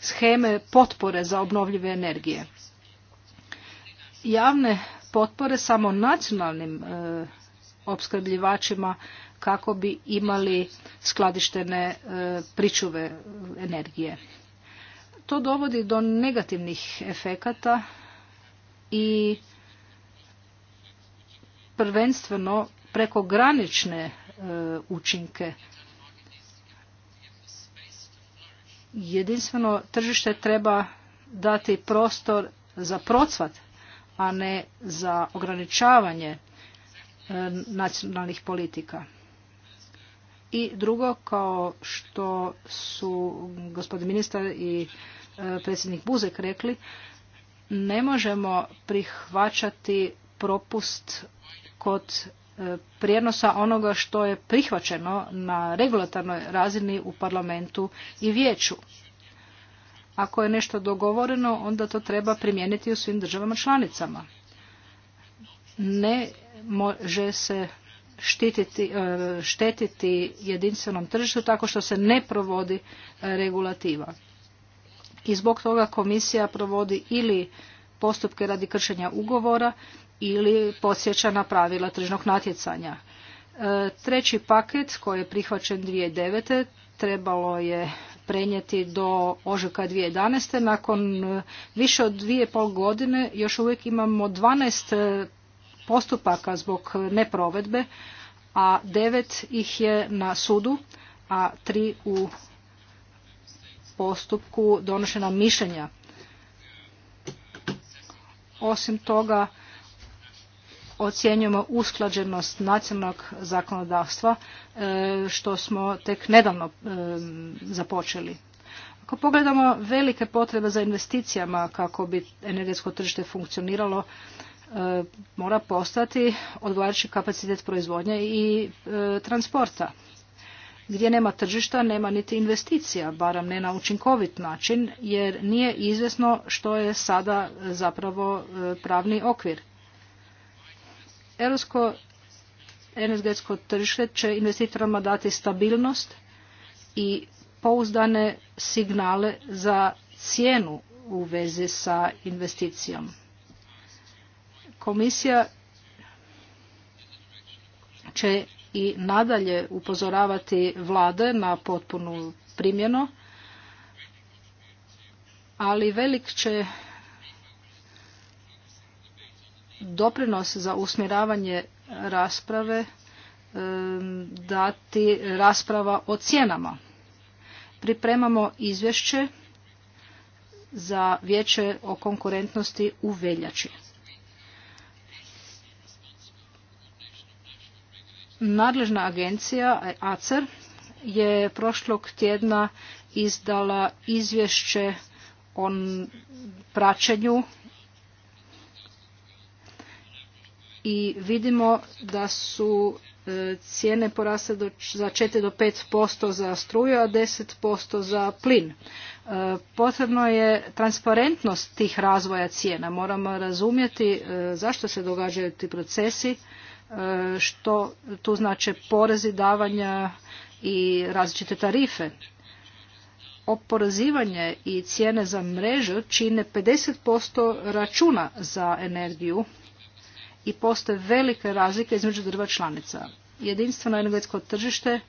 scheme potpore za obnovljive energije. Javne potpore samo nacionalnim e, opskrbljivačima kako bi imali skladištene e, pričuve energije. To dovodi do negativnih efekata i prvenstveno prekogranične e, učinke. Jedinstveno tržište treba dati prostor za procvat, a ne za ograničavanje E, nacionalnih politika. I drugo, kao što su gospodin ministar i e, predsjednik Buzek rekli, ne možemo prihvaćati propust kod e, prijenosa onoga što je prihvaćeno na regulatornoj razini u parlamentu i vijeću. Ako je nešto dogovoreno, onda to treba primijeniti u svim državama članicama ne može se štititi, e, štetiti jedinstvenom tržištu tako što se ne provodi e, regulativa. I zbog toga komisija provodi ili postupke radi kršenja ugovora ili posjeća na pravila tržnog natjecanja. E, treći paket koji je prihvaćen 2009. trebalo je prenijeti do ožujka 2011. Nakon više od dvije pol godine još uvijek imamo 12 postupaka zbog neprovedbe, a devet ih je na sudu, a tri u postupku donošena mišljenja. Osim toga, ocjenjujemo usklađenost nacionalnog zakonodavstva, e, što smo tek nedavno e, započeli. Ako pogledamo velike potrebe za investicijama kako bi energetsko tržište funkcioniralo, mora postati odgovarajući kapacitet proizvodnje i e, transporta. Gdje nema tržišta, nema niti investicija, barem ne na učinkovit način, jer nije izvjesno što je sada zapravo e, pravni okvir. Europsko energetsko tržište će investitorama dati stabilnost i pouzdane signale za cijenu u vezi sa investicijom. Komisija će i nadalje upozoravati vlade na potpunu primjenu, ali velik će doprinos za usmjeravanje rasprave dati rasprava o cijenama. Pripremamo izvješće za vijeće o konkurentnosti u veljači. Nadležna agencija ACER je prošlog tjedna izdala izvješće o praćenju i vidimo da su e, cijene porasle za 4 do 5% za struju, a 10% za plin. E, potrebno je transparentnost tih razvoja cijena. Moramo razumjeti e, zašto se događaju ti procesi što tu znače porezi, davanja i različite tarife. Oporezivanje i cijene za mrežu čine 50% računa za energiju i postoje velike razlike između drva članica. Jedinstveno energetsko tržište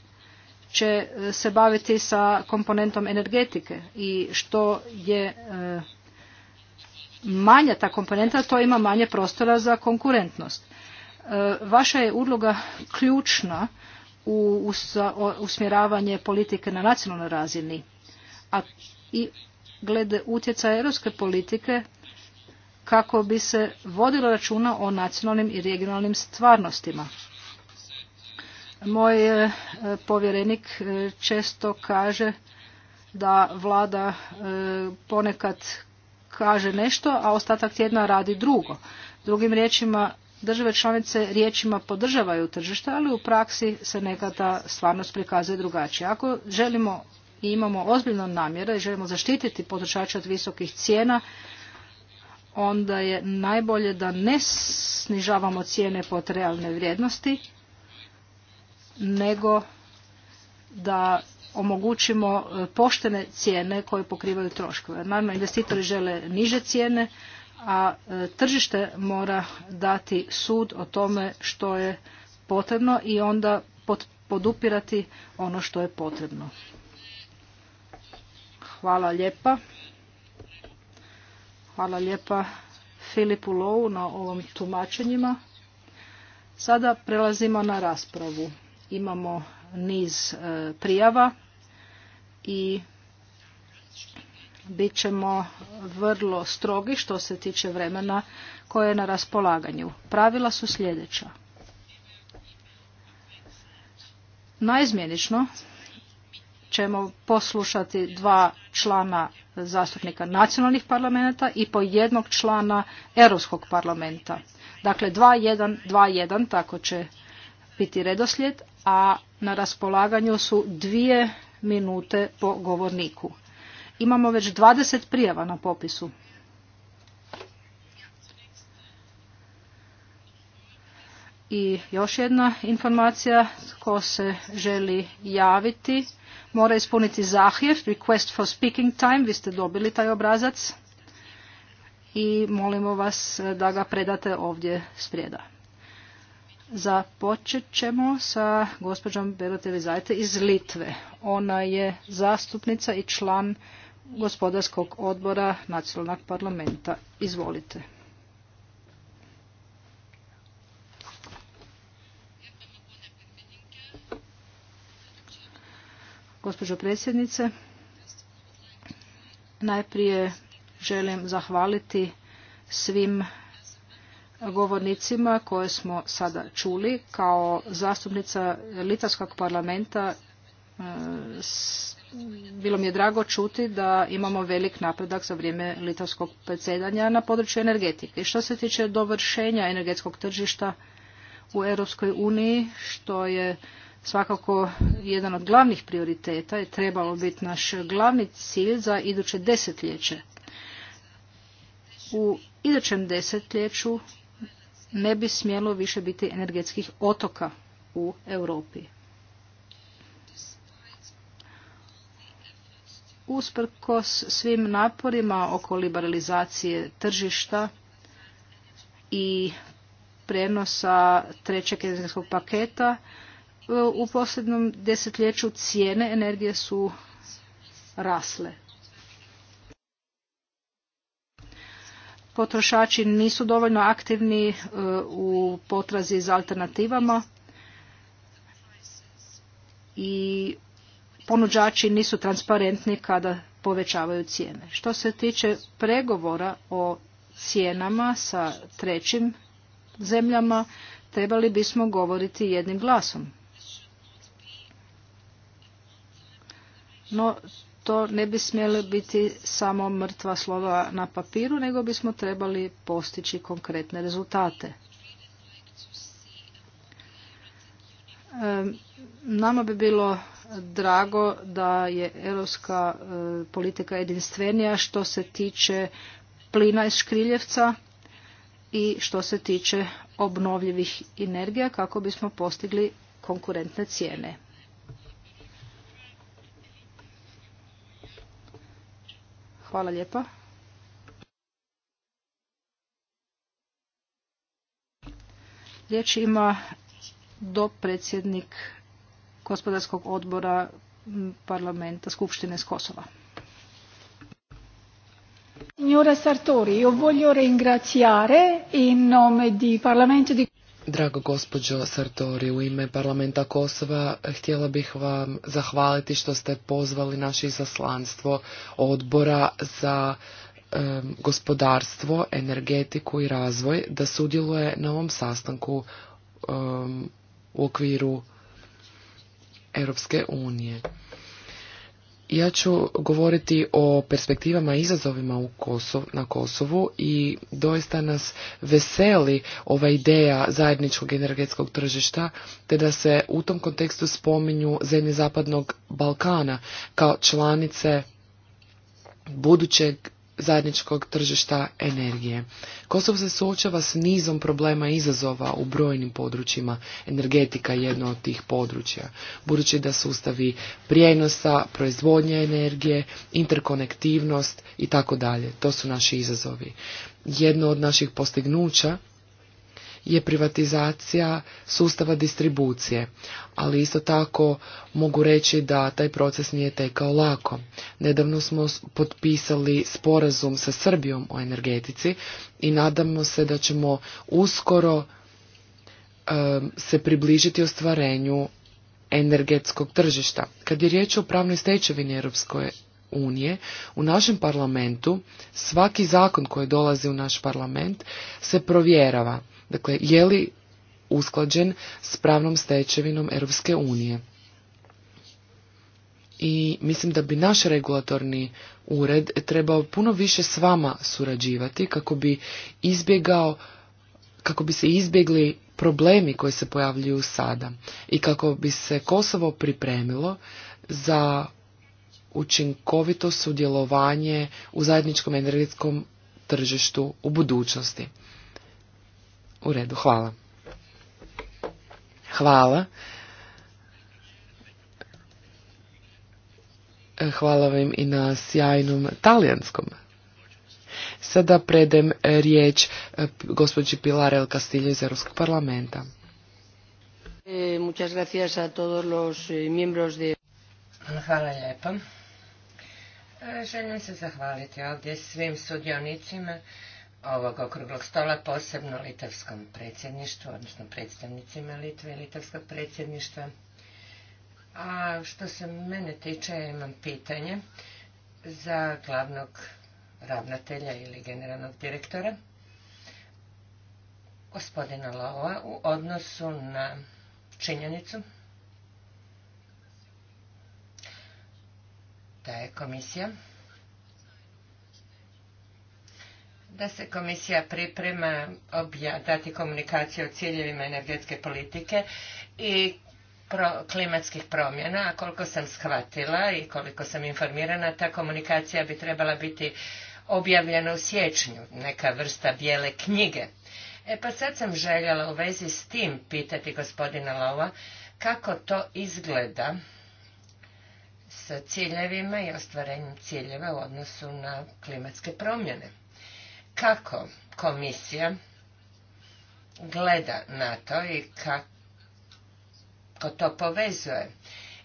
će e, se baviti sa komponentom energetike i što je e, manja ta komponenta, to ima manje prostora za konkurentnost. Vaša je uloga ključna u usmjeravanje politike na nacionalnoj razini, a i glede utjecaja europske politike kako bi se vodilo računa o nacionalnim i regionalnim stvarnostima. Moj e, povjerenik e, često kaže da vlada e, ponekad kaže nešto, a ostatak tjedna radi drugo. Drugim riječima, države članice riječima podržavaju tržište, ali u praksi se nekada stvarnost prikazuje drugačije. Ako želimo i imamo ozbiljno namjere i želimo zaštititi potrošače od visokih cijena, onda je najbolje da ne snižavamo cijene pod realne vrijednosti, nego da omogućimo e, poštene cijene koje pokrivaju troškove. Naravno, investitori žele niže cijene, a e, tržište mora dati sud o tome što je potrebno i onda podupirati ono što je potrebno. Hvala lijepa. Hvala lijepa Filipu Lovu na ovom tumačenjima. Sada prelazimo na raspravu. Imamo niz e, prijava i bit ćemo vrlo strogi što se tiče vremena koje je na raspolaganju. Pravila su sljedeća. Naizmjenično ćemo poslušati dva člana zastupnika nacionalnih parlamenta i po jednog člana Europskog parlamenta. Dakle, 2-1-2-1, tako će biti redoslijed, a na raspolaganju su dvije minute po govorniku. Imamo već 20 prijava na popisu. I još jedna informacija, ko se želi javiti, mora ispuniti zahtjev, request for speaking time, vi ste dobili taj obrazac i molimo vas e, da ga predate ovdje sprijeda. Započet ćemo sa gospođom Zajte iz Litve. Ona je zastupnica i član gospodarskog odbora nacionalnog parlamenta. Izvolite. Gospođo predsjednice, najprije želim zahvaliti svim govornicima koje smo sada čuli. Kao zastupnica Litavskog parlamenta e, bilo mi je drago čuti da imamo velik napredak za vrijeme litavskog predsjedanja na području energetike. što se tiče dovršenja energetskog tržišta u Europskoj uniji, što je svakako jedan od glavnih prioriteta i trebalo biti naš glavni cilj za iduće desetljeće. U idućem desetljeću ne bi smjelo više biti energetskih otoka u Europi. usprkos svim naporima oko liberalizacije tržišta i prenosa trećeg energetskog paketa, e, u posljednom desetljeću cijene energije su rasle. Potrošači nisu dovoljno aktivni e, u potrazi za alternativama i ponuđači nisu transparentni kada povećavaju cijene. Što se tiče pregovora o cijenama sa trećim zemljama, trebali bismo govoriti jednim glasom. No, to ne bi smjelo biti samo mrtva slova na papiru, nego bismo trebali postići konkretne rezultate. Nama bi bilo drago da je europska e, politika jedinstvenija što se tiče plina iz škriljevca i što se tiče obnovljivih energija kako bismo postigli konkurentne cijene. Hvala lijepa. Riječ ima dopredsjednik gospodarskog odbora parlamenta Skupštine s Kosova. Signora Sartori, io voglio ringraziare in nome di Parlamento di Drago gospođo Sartori, u ime parlamenta Kosova eh, htjela bih vam zahvaliti što ste pozvali naše izaslanstvo odbora za gospodarstvo, energetiku i razvoj da sudjeluje na ovom sastanku u okviru Europske unije. Ja ću govoriti o perspektivama i izazovima u na Kosovu i doista nas veseli ova ideja zajedničkog energetskog tržišta, te da se u tom kontekstu spominju zemlje Zapadnog Balkana kao članice budućeg zajedničkog tržišta energije. Kosovo se suočava s nizom problema i izazova u brojnim područjima. Energetika je jedno od tih područja. Budući da sustavi prijenosa, proizvodnja energije, interkonektivnost i tako dalje. To su naši izazovi. Jedno od naših postignuća je privatizacija sustava distribucije, ali isto tako mogu reći da taj proces nije tekao lako. Nedavno smo potpisali sporazum sa Srbijom o energetici i nadamo se da ćemo uskoro se približiti ostvarenju energetskog tržišta. Kad je riječ o pravnoj stečevini Europskoj unije, u našem parlamentu svaki zakon koji dolazi u naš parlament se provjerava Dakle, je li usklađen s pravnom stečevinom Europske unije? I mislim da bi naš regulatorni ured trebao puno više s vama surađivati kako bi izbjegao kako bi se izbjegli problemi koji se pojavljuju sada i kako bi se Kosovo pripremilo za učinkovito sudjelovanje u zajedničkom energetskom tržištu u budućnosti. U redu, hvala. Hvala. E, hvala vam i na sjajnom talijanskom. Sada predem riječ e, gospođi Pilar El Castillo iz Europskog parlamenta. E, hvala lijepo. Želim se zahvaliti ovdje svim sudionicima ovog okruglog stola, posebno litavskom predsjedništvu, odnosno predstavnicima Litve i litavskog predsjedništva. A što se mene tiče, imam pitanje za glavnog ravnatelja ili generalnog direktora, gospodina Lova, u odnosu na činjenicu da je komisija da se komisija priprema dati komunikaciju o ciljevima energetske politike i klimatskih promjena, a koliko sam shvatila i koliko sam informirana, ta komunikacija bi trebala biti objavljena u siječnju, neka vrsta bijele knjige. E pa sad sam željela u vezi s tim pitati gospodina Lova kako to izgleda sa ciljevima i ostvarenjem ciljeva u odnosu na klimatske promjene kako komisija gleda na to i kako to povezuje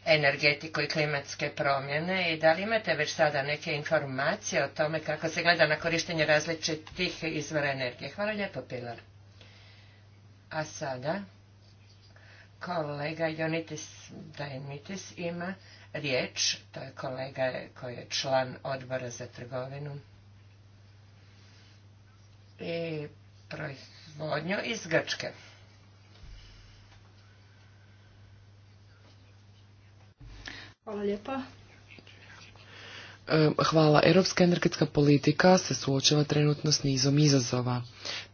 energetiku i klimatske promjene i da li imate već sada neke informacije o tome kako se gleda na korištenje različitih izvora energije. Hvala lijepo, Pilar. A sada kolega Jonitis Dajmitis ima riječ, to je kolega koji je član odbora za trgovinu i proizvodnju iz Grčke. Hvala lijepa. E, hvala. Europska energetska politika se suočava trenutno s nizom izazova.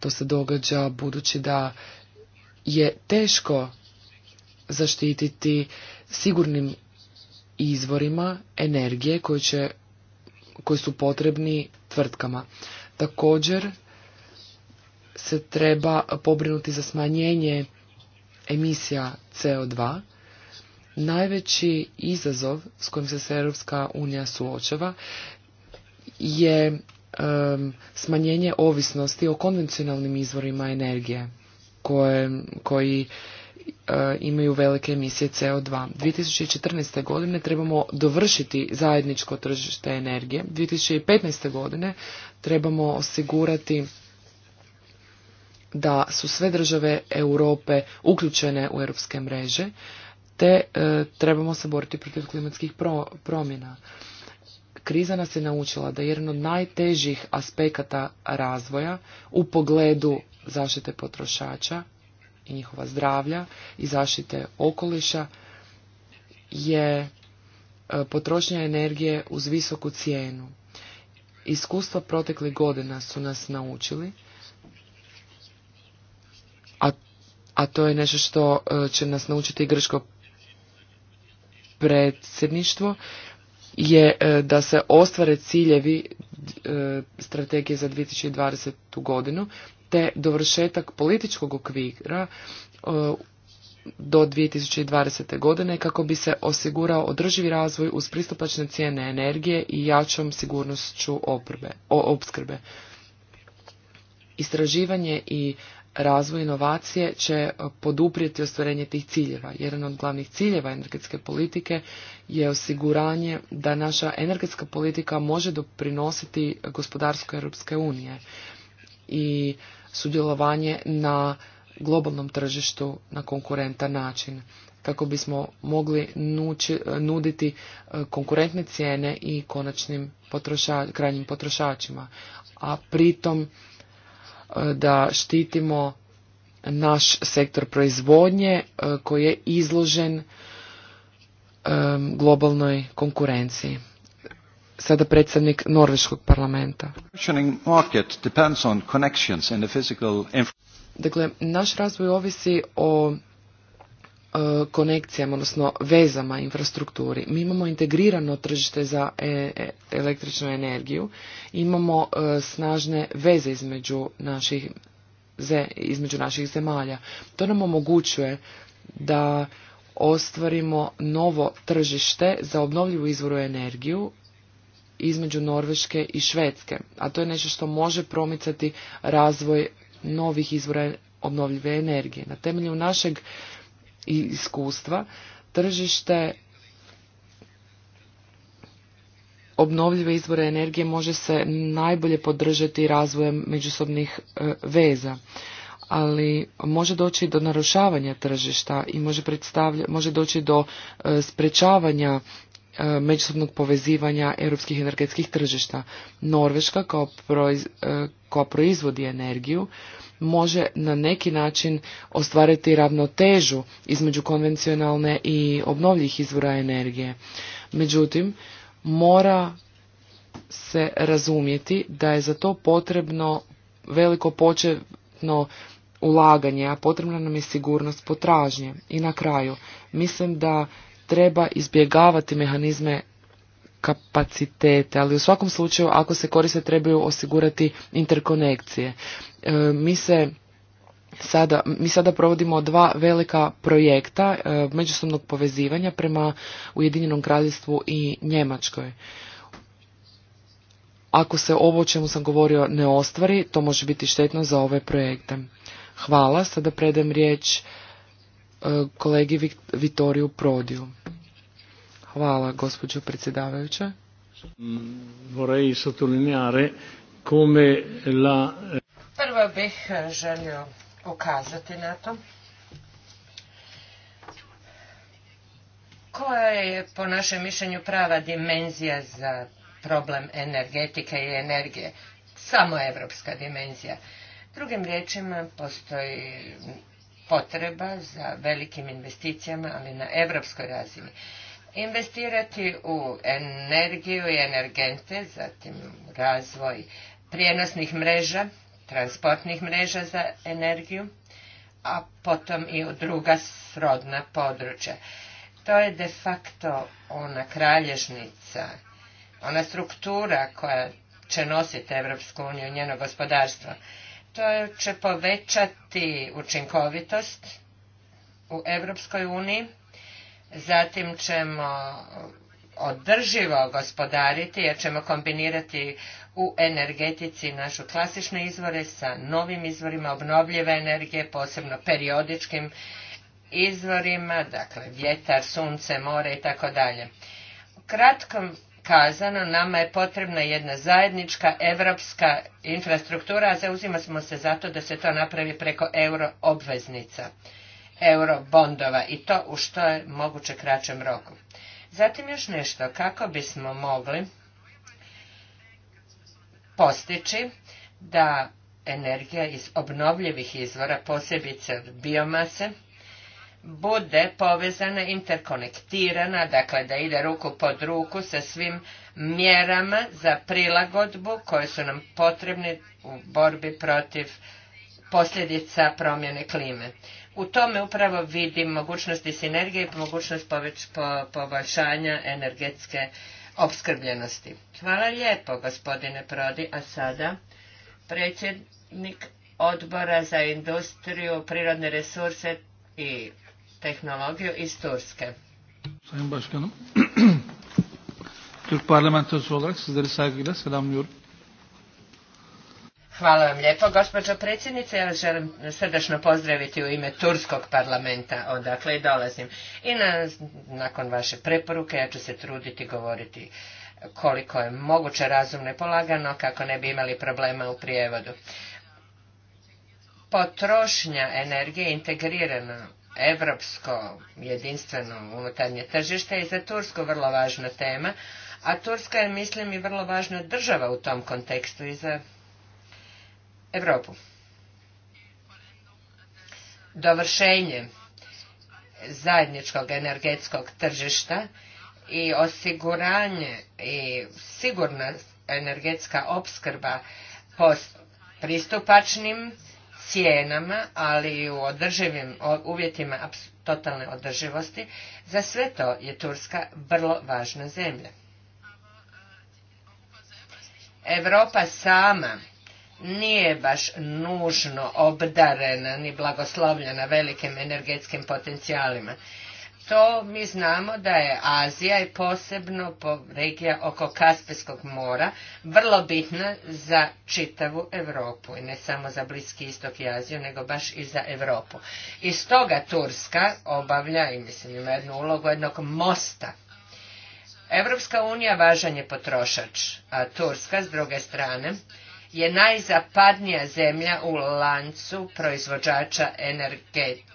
To se događa budući da je teško zaštititi sigurnim izvorima energije koji, koji su potrebni tvrtkama. Također se treba pobrinuti za smanjenje emisija CO2. Najveći izazov s kojim se Europska unija suočava je smanjenje ovisnosti o konvencionalnim izvorima energije koji e, imaju velike emisije CO2. 2014. godine trebamo dovršiti zajedničko tržište energije. 2015. godine trebamo osigurati da su sve države Europe uključene u europske mreže, te e, trebamo se boriti protiv klimatskih promjena. Kriza nas je naučila da je jedan od najtežih aspekata razvoja u pogledu zaštite potrošača i njihova zdravlja i zaštite okoliša je e, potrošnja energije uz visoku cijenu. Iskustva proteklih godina su nas naučili a to je nešto što e, će nas naučiti Grško predsjedništvo, je e, da se ostvare ciljevi e, strategije za 2020. godinu, te dovršetak političkog okvira do 2020. godine kako bi se osigurao održivi razvoj uz pristupačne cijene energije i jačom sigurnošću opskrbe. Istraživanje i razvoj inovacije će e, poduprijeti ostvarenje tih ciljeva. Jedan od glavnih ciljeva energetske politike je osiguranje da naša energetska politika može doprinositi gospodarskoj Europske unije i sudjelovanje na globalnom tržištu na konkurentan način kako bismo mogli e, nuditi e, konkurentne cijene i konačnim potroša, krajnjim potrošačima, a pritom da štitimo naš sektor proizvodnje e, koji je izložen e, globalnoj konkurenciji. Sada predsjednik Norveškog parlamenta. Dakle, naš razvoj ovisi o E, konekcijama, odnosno vezama infrastrukturi. Mi imamo integrirano tržište za e, e, električnu energiju, imamo snažne veze između naših, između naših zemalja. To nam omogućuje da ostvarimo novo tržište za obnovljivu izvoru energiju između Norveške i Švedske, a to je nešto što može promicati razvoj novih izvora obnovljive energije. Na temelju našeg i iskustva, tržište obnovljive izvore energije može se najbolje podržati razvojem međusobnih e, veza ali može doći do narušavanja tržišta i može, može doći do e, sprečavanja E, međusobnog povezivanja europskih energetskih tržišta. Norveška kao, proiz, e, proizvodi energiju može na neki način ostvariti ravnotežu između konvencionalne i obnovljivih izvora energije. Međutim, mora se razumjeti da je za to potrebno veliko početno ulaganje, a potrebna nam je sigurnost potražnje. I na kraju, mislim da treba izbjegavati mehanizme kapacitete, ali u svakom slučaju ako se koriste trebaju osigurati interkonekcije. E, mi se sada, mi sada provodimo dva velika projekta e, međusobnog povezivanja prema Ujedinjenom kraljevstvu i Njemačkoj. Ako se ovo o čemu sam govorio ne ostvari, to može biti štetno za ove projekte. Hvala, sada predem riječ kolegi Vitoriju Prodiju. Hvala, gospođo predsjedavajuća. Vorrei sottolineare come la... Prvo bih e, želio ukazati na to koja je po našem mišljenju prava dimenzija za problem energetike i energije. Samo evropska dimenzija. Drugim riječima postoji potreba za velikim investicijama, ali na evropskoj razini. Investirati u energiju i energente, zatim razvoj prijenosnih mreža, transportnih mreža za energiju, a potom i u druga srodna područja. To je de facto ona kralježnica, ona struktura koja će nositi Evropsku uniju i njeno gospodarstvo. To će povećati učinkovitost u Europskoj uniji, zatim ćemo održivo gospodariti jer ćemo kombinirati u energetici naše klasične izvore sa novim izvorima obnovljive energije, posebno periodičkim izvorima, dakle vjetar, sunce, more i tako dalje. U kratkom kazano, nama je potrebna jedna zajednička evropska infrastruktura, a smo se zato da se to napravi preko euro obveznica, euro bondova i to u što je moguće kraćem roku. Zatim još nešto, kako bismo mogli postići da energija iz obnovljivih izvora, posebice od biomase, bude povezana, interkonektirana, dakle da ide ruku pod ruku sa svim mjerama za prilagodbu koje su nam potrebne u borbi protiv posljedica promjene klime. U tome upravo vidim mogućnosti sinergije i mogućnost poboljšanja energetske opskrbljenosti. Hvala lijepo gospodine Prodi, a sada predsjednik odbora za industriju, prirodne resurse i tehnologiju iz Turske. Hvala vam lijepo, gospođo predsjednice. Ja želim srdačno pozdraviti u ime Turskog parlamenta, odakle i dolazim. I na, nakon vaše preporuke ja ću se truditi govoriti koliko je moguće razumno i polagano kako ne bi imali problema u prijevodu. Potrošnja energije integrirana evropsko jedinstveno unutarnje tržište je za Tursku vrlo važna tema, a Turska je, mislim, i vrlo važna država u tom kontekstu i za Europu. Dovršenje zajedničkog energetskog tržišta i osiguranje i sigurna energetska opskrba po pristupačnim cijenama, ali i u održivim uvjetima totalne održivosti, za sve to je Turska vrlo važna zemlja. Europa sama nije baš nužno obdarena ni blagoslovljena velikim energetskim potencijalima to mi znamo da je Azija i posebno po regija oko Kaspijskog mora vrlo bitna za čitavu Europu i ne samo za Bliski istok i Aziju nego baš i za Europu. I stoga Turska obavlja i mislim jednu ulogu jednog mosta. Europska unija važan je potrošač, a Turska s druge strane je najzapadnija zemlja u lancu proizvođača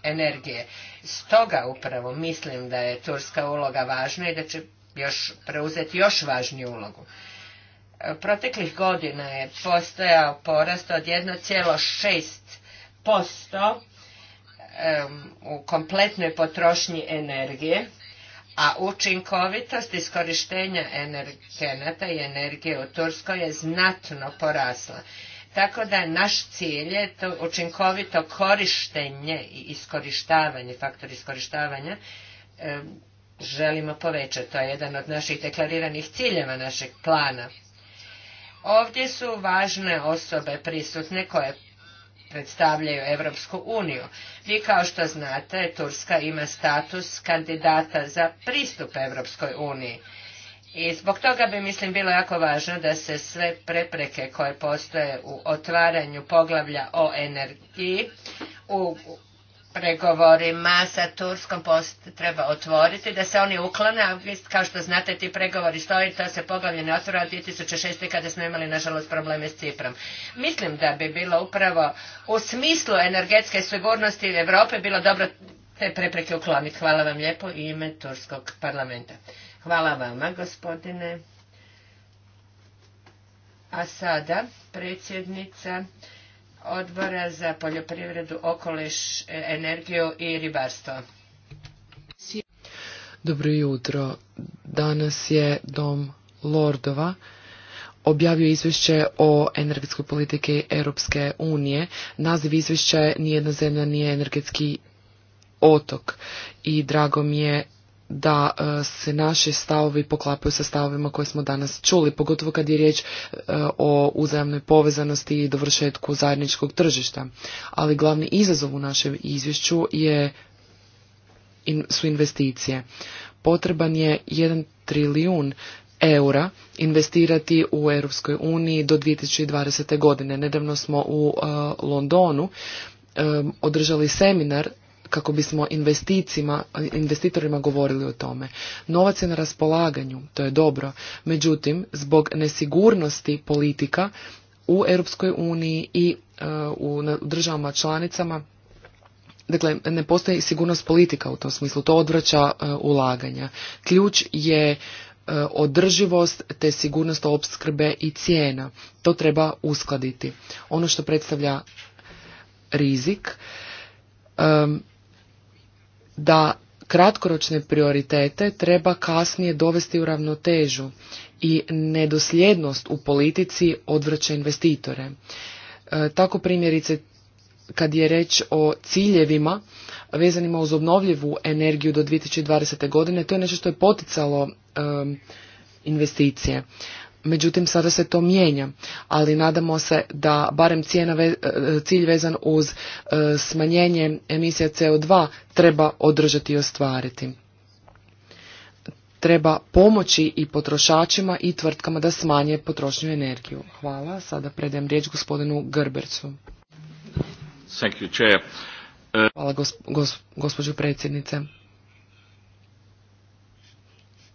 energije. Stoga upravo mislim da je turska uloga važna i da će još preuzeti još važniju ulogu. Proteklih godina je postojao porast od 1,6% u kompletnoj potrošnji energije a učinkovitost iskorištenja energenata i energije u Turskoj je znatno porasla. Tako da naš cilj je to učinkovito korištenje i iskorištavanje, faktor iskorištavanja, želimo povećati. To je jedan od naših deklariranih ciljeva našeg plana. Ovdje su važne osobe prisutne koje predstavljaju Europsku uniju. Vi kao što znate, Turska ima status kandidata za pristup Europskoj uniji. I zbog toga bi, mislim, bilo jako važno da se sve prepreke koje postoje u otvaranju poglavlja o energiji u pregovorima sa Turskom post treba otvoriti, da se oni uklone, a kao što znate ti pregovori stoji, to se poglavlje ne otvora od 2006. kada smo imali nažalost probleme s Ciprom. Mislim da bi bilo upravo u smislu energetske sigurnosti Europe bilo dobro te prepreke ukloniti. Hvala vam lijepo i ime Turskog parlamenta. Hvala vama gospodine. A sada predsjednica odbora za poljoprivredu, okoliš, e, energiju i ribarstvo. Dobro jutro. Danas je Dom Lordova objavio izvješće o energetskoj politike Europske unije. Naziv izvješća je Nijedna zemlja nije energetski otok i drago mi je da e, se naši stavovi poklapaju sa stavovima koje smo danas čuli, pogotovo kad je riječ e, o uzajamnoj povezanosti i dovršetku zajedničkog tržišta. Ali glavni izazov u našem izvješću je, su investicije. Potreban je 1 trilijun eura investirati u Europskoj uniji do 2020. godine. Nedavno smo u e, Londonu održali seminar kako bismo investitorima govorili o tome. Novac je na raspolaganju, to je dobro. Međutim, zbog nesigurnosti politika u Europskoj uniji i e, u državama članicama Dakle, ne postoji sigurnost politika u tom smislu, to odvraća e, ulaganja. Ključ je e, održivost te sigurnost opskrbe i cijena. To treba uskladiti. Ono što predstavlja rizik da kratkoročne prioritete treba kasnije dovesti u ravnotežu i nedosljednost u politici odvraća investitore. E, tako primjerice kad je reč o ciljevima vezanima uz obnovljivu energiju do 2020. godine, to je nešto što je poticalo investicije. Međutim, sada se to mijenja, ali nadamo se da barem cijena e, cilj vezan uz e, smanjenje emisija CO2 treba održati i ostvariti. Treba pomoći i potrošačima i tvrtkama da smanje potrošnju energiju. Hvala. Sada predajem riječ gospodinu Grbercu. Thank e, Hvala gospođo predsjednice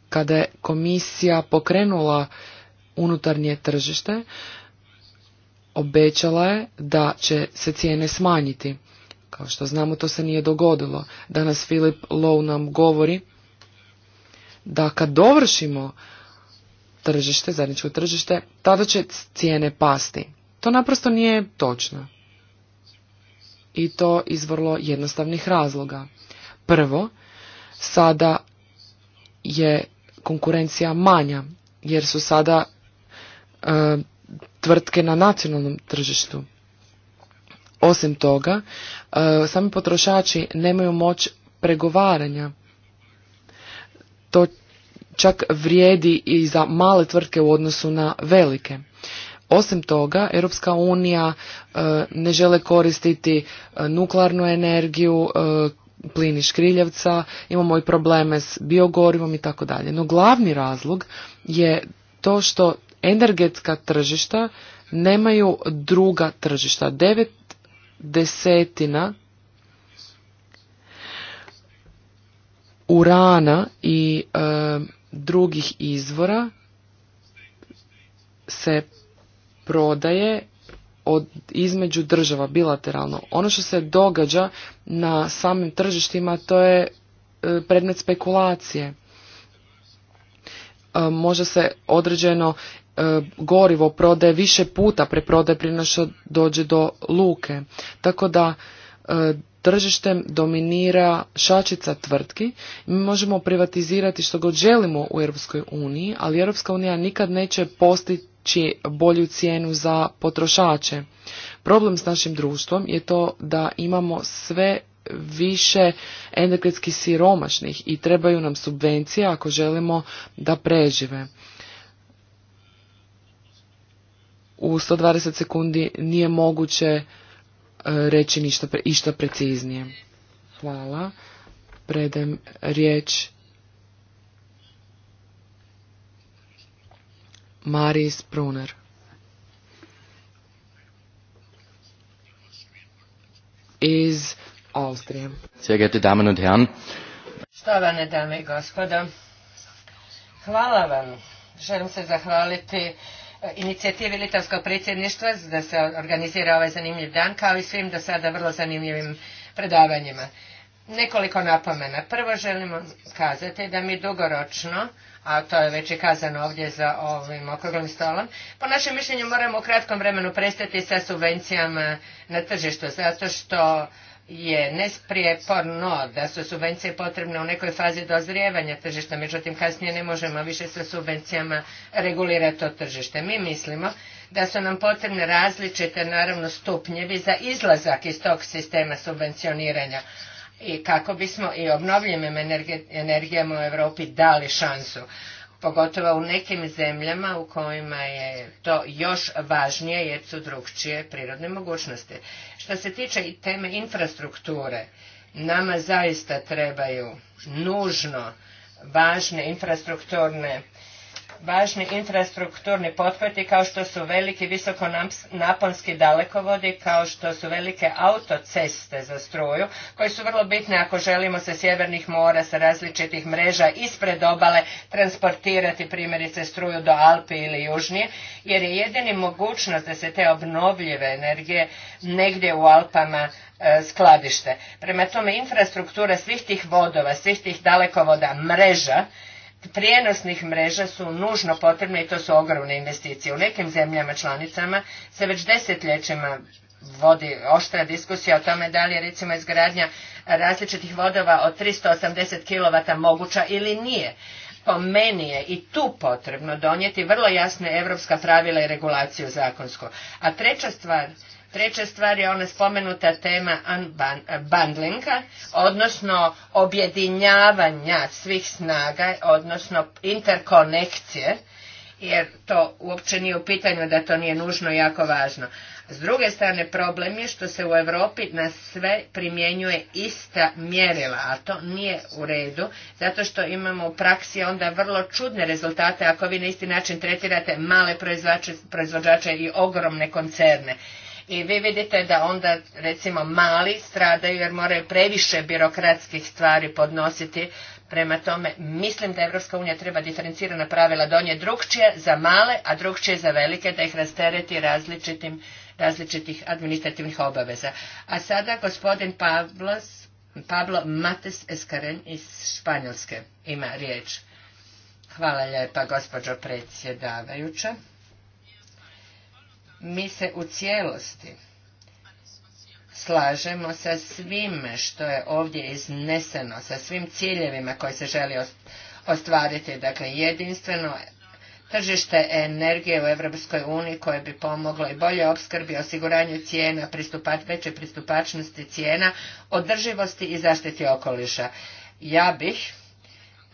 kada je komisija pokrenula unutarnje tržište obećala je da će se cijene smanjiti. Kao što znamo, to se nije dogodilo. Danas Filip Low nam govori da kad dovršimo tržište, zajedničko tržište, tada će cijene pasti. To naprosto nije točno. I to iz vrlo jednostavnih razloga. Prvo, sada je konkurencija manja, jer su sada E, tvrtke na nacionalnom tržištu. Osim toga, e, sami potrošači nemaju moć pregovaranja. To čak vrijedi i za male tvrtke u odnosu na velike. Osim toga, Europska unija e, ne žele koristiti nuklearnu energiju, plini škriljevca, imamo i probleme s biogorivom i tako dalje. No glavni razlog je to što energetska tržišta nemaju druga tržišta. Devet desetina urana i e, drugih izvora se prodaje od između država bilateralno. Ono što se događa na samim tržištima to je e, predmet spekulacije. E, može se određeno E, gorivo prodaje više puta preprodaje prije nego dođe do luke. Tako da e, tržištem dominira šačica tvrtki. Mi možemo privatizirati što god želimo u Europskoj uniji, ali Europska unija nikad neće postići bolju cijenu za potrošače. Problem s našim društvom je to da imamo sve više energetski siromašnih i trebaju nam subvencije ako želimo da prežive. u 120 sekundi nije moguće e, reći ništa, išta preciznije. Hvala. Predem riječ Mari Spruner. iz Austrije. Cijelite damen und herren. Štovane dame i gospodo, hvala vam. Želim se zahvaliti inicijativi Litavskog predsjedništva da se organizira ovaj zanimljiv dan kao i svim do sada vrlo zanimljivim predavanjima. Nekoliko napomena. Prvo želimo kazati da mi dugoročno, a to je već i kazano ovdje za ovim okruglim stolom, po našem mišljenju moramo u kratkom vremenu prestati sa subvencijama na tržištu, zato što je nesprijeporno da su subvencije potrebne u nekoj fazi dozrijevanja tržišta, međutim kasnije ne možemo više sa subvencijama regulirati to tržište. Mi mislimo da su nam potrebne različite naravno stupnjevi za izlazak iz tog sistema subvencioniranja i kako bismo i obnovljivim energijama u Europi dali šansu pogotovo u nekim zemljama u kojima je to još važnije jer su drugčije prirodne mogućnosti. Što se tiče i teme infrastrukture, nama zaista trebaju nužno važne infrastrukturne važni infrastrukturni pothvati kao što su veliki visokonaponski dalekovodi, kao što su velike autoceste za struju, koje su vrlo bitne ako želimo sa sjevernih mora, sa različitih mreža ispred obale transportirati primjerice struju do Alpi ili južnije, jer je jedini mogućnost da se te obnovljive energije negdje u Alpama e, skladište. Prema tome, infrastruktura svih tih vodova, svih tih dalekovoda, mreža prijenosnih mreža su nužno potrebne i to su ogromne investicije. U nekim zemljama članicama se već desetljećima vodi oštra diskusija o tome da li je recimo izgradnja različitih vodova od 380 kW moguća ili nije. Po meni je i tu potrebno donijeti vrlo jasne europska pravila i regulaciju zakonsku. A treća stvar Treća stvar je ona spomenuta tema bundlinga, odnosno objedinjavanja svih snaga, odnosno interkonekcije, jer to uopće nije u pitanju da to nije nužno i jako važno. S druge strane problem je što se u Europi na sve primjenjuje ista mjerila, a to nije u redu, zato što imamo u praksi onda vrlo čudne rezultate ako vi na isti način tretirate male proizvođače i ogromne koncerne i vi vidite da onda recimo mali stradaju jer moraju previše birokratskih stvari podnositi. Prema tome, mislim da Evropska unija treba diferencirana pravila donijeti drugčije za male, a drugčije za velike, da ih rastereti različitim, različitih administrativnih obaveza. A sada gospodin Pavlos, Pablo Mates Escaren iz Španjolske ima riječ. Hvala lijepa gospođo predsjedavajuća. Mi se u cijelosti slažemo sa svime što je ovdje izneseno, sa svim ciljevima koje se želi ostvariti. Dakle, jedinstveno tržište energije u Europskoj uniji koje bi pomoglo i bolje opskrbi, osiguranju cijena, većoj veće pristupačnosti cijena, održivosti i zaštiti okoliša. Ja bih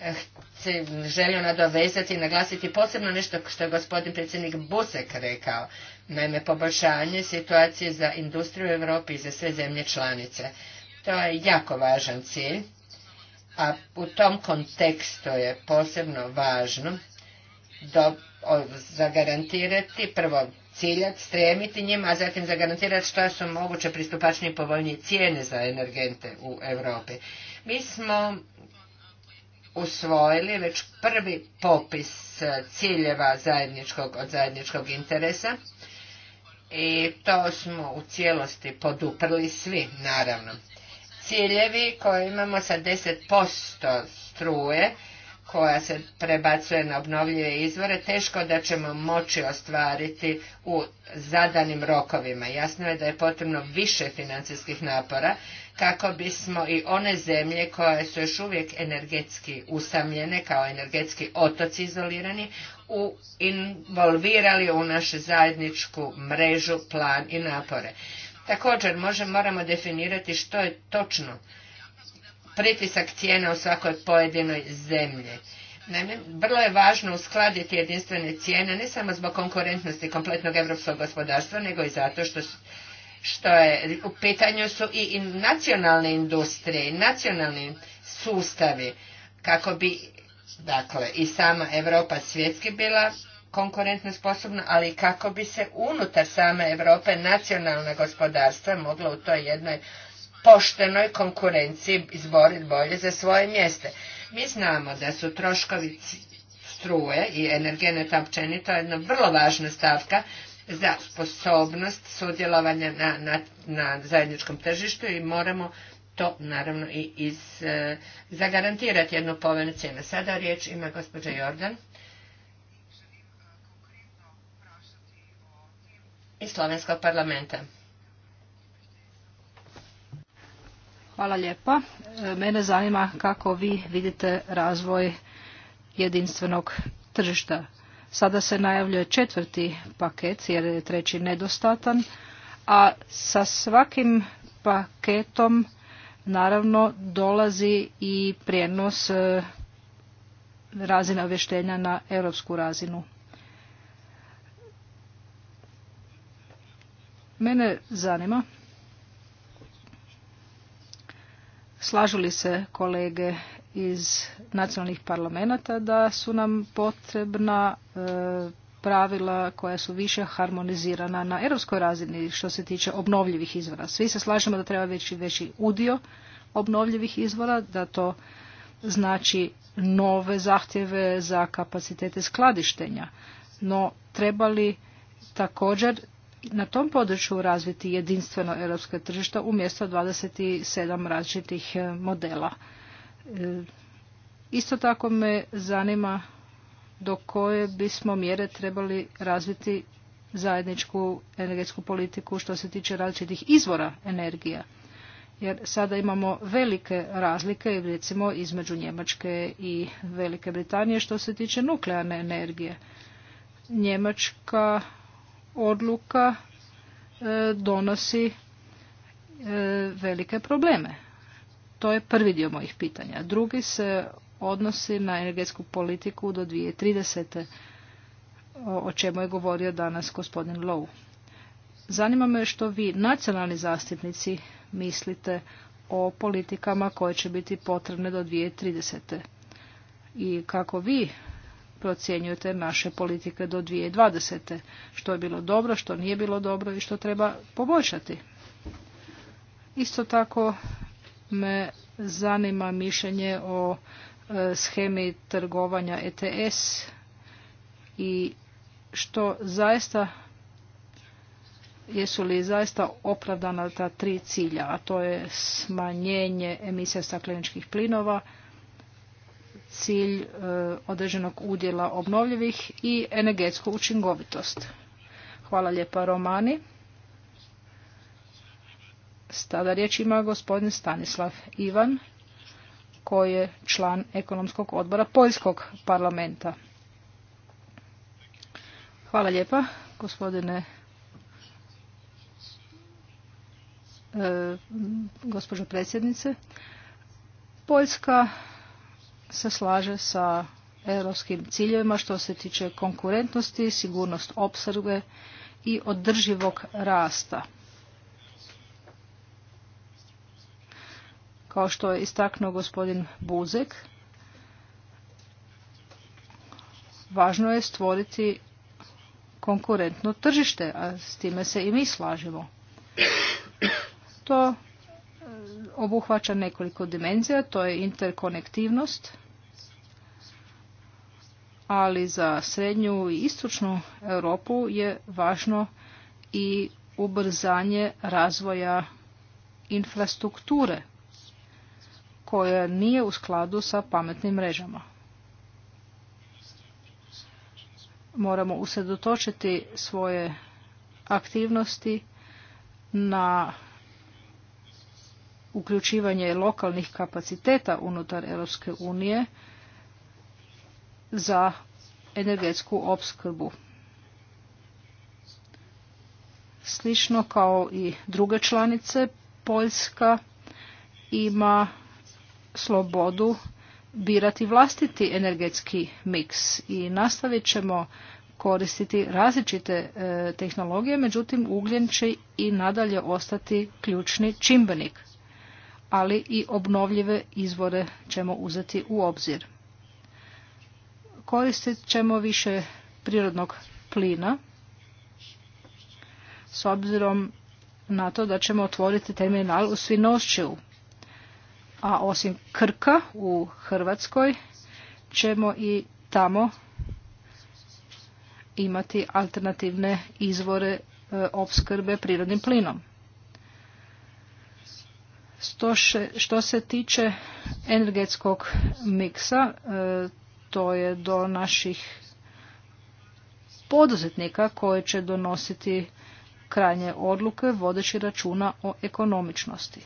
eh, se želio nadovezati i naglasiti posebno nešto što je gospodin predsjednik Busek rekao naime poboljšanje situacije za industriju u Europi i za sve zemlje članice. To je jako važan cilj, a u tom kontekstu je posebno važno zagarantirati prvo ciljat, stremiti njima, a zatim zagarantirati što su moguće pristupačnije i povoljnije cijene za energente u Europi. Mi smo usvojili već prvi popis ciljeva zajedničkog od zajedničkog interesa i to smo u cijelosti poduprli svi, naravno. Ciljevi koje imamo sa 10% struje koja se prebacuje na obnovljive izvore, teško da ćemo moći ostvariti u zadanim rokovima. Jasno je da je potrebno više financijskih napora kako bismo i one zemlje koje su još uvijek energetski usamljene, kao energetski otoci izolirani, involvirali u našu zajedničku mrežu, plan i napore. Također moramo definirati što je točno pritisak cijena u svakoj pojedinoj zemlji. vrlo je važno uskladiti jedinstvene cijene ne samo zbog konkurentnosti kompletnog europskog gospodarstva, nego i zato što, što je u pitanju su i nacionalne industrije i nacionalni sustavi kako bi Dakle, i sama Europa svjetski bila konkurentno sposobna, ali kako bi se unutar same Europe nacionalna gospodarstva mogla u toj jednoj poštenoj konkurenciji izboriti bolje za svoje mjeste. Mi znamo da su troškovi struje i energeneta općenito jedna vrlo važna stavka za sposobnost sudjelovanja na, na zajedničkom tržištu i moramo to naravno i iz, e, zagarantirati jednu povenu cijenu. Sada riječ ima gospođa Jordan iz Slovenskog parlamenta. Hvala lijepa. E, mene zanima kako vi vidite razvoj jedinstvenog tržišta. Sada se najavljuje četvrti paket jer je treći nedostatan, a sa svakim paketom naravno dolazi i prijenos e, razina vještenja na europsku razinu. Mene zanima slažu li se kolege iz nacionalnih parlamenta da su nam potrebna e, pravila koja su više harmonizirana na europskoj razini što se tiče obnovljivih izvora. Svi se slažemo da treba veći veći udio obnovljivih izvora, da to znači nove zahtjeve za kapacitete skladištenja. No treba li također na tom području razviti jedinstveno europsko tržište umjesto 27 različitih eh, modela. Eh, isto tako me zanima do koje bismo mjere trebali razviti zajedničku energetsku politiku što se tiče različitih izvora energija. Jer sada imamo velike razlike recimo između Njemačke i Velike Britanije što se tiče nuklearne energije. Njemačka odluka e, donosi e, velike probleme. To je prvi dio mojih pitanja. Drugi se odnosi na energetsku politiku do 2030. o čemu je govorio danas gospodin Lowe. Zanima me što vi, nacionalni zastupnici, mislite o politikama koje će biti potrebne do 2030. I kako vi procjenjujete naše politike do 2020. Što je bilo dobro, što nije bilo dobro i što treba poboljšati. Isto tako me zanima mišljenje o E, schemi trgovanja ETS i što zaista jesu li zaista opravdana ta tri cilja, a to je smanjenje emisija stakleničkih plinova, cilj e, određenog udjela obnovljivih i energetsku učinkovitost. Hvala lijepa Romani. Sada riječ ima gospodin Stanislav Ivan koji je član ekonomskog odbora Poljskog parlamenta. Hvala lijepa, gospodine e, gospođo predsjednice. Poljska se slaže sa europskim ciljevima što se tiče konkurentnosti, sigurnost opsrbe i održivog rasta. kao što je istaknuo gospodin Buzek, važno je stvoriti konkurentno tržište, a s time se i mi slažemo. To e, obuhvaća nekoliko dimenzija, to je interkonektivnost, ali za srednju i istočnu Europu je važno i ubrzanje razvoja infrastrukture koja nije u skladu sa pametnim mrežama. Moramo usredotočiti svoje aktivnosti na uključivanje lokalnih kapaciteta unutar Europske unije za energetsku opskrbu. Slično kao i druge članice, Poljska ima slobodu birati vlastiti energetski miks i nastavit ćemo koristiti različite e, tehnologije, međutim ugljen će i nadalje ostati ključni čimbenik, ali i obnovljive izvore ćemo uzeti u obzir. Koristit ćemo više prirodnog plina s obzirom na to da ćemo otvoriti terminal u Svinošću a osim Krka u Hrvatskoj ćemo i tamo imati alternativne izvore e, opskrbe prirodnim plinom. Što se tiče energetskog miksa, e, to je do naših poduzetnika koje će donositi krajnje odluke vodeći računa o ekonomičnosti.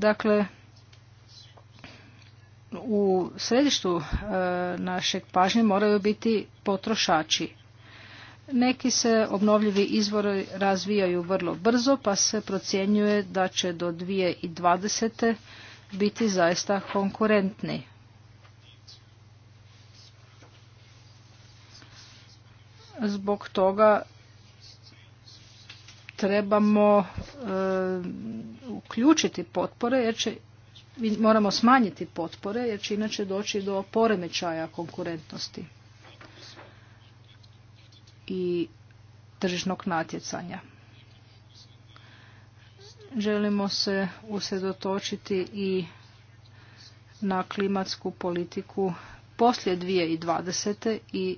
Dakle, u središtu e, našeg pažnje moraju biti potrošači. Neki se obnovljivi izvori razvijaju vrlo brzo, pa se procjenjuje da će do 2020. biti zaista konkurentni. Zbog toga trebamo e, uključiti potpore jer će moramo smanjiti potpore jer će inače doći do poremećaja konkurentnosti i tržišnog natjecanja. Želimo se usredotočiti i na klimatsku politiku poslije 2020. i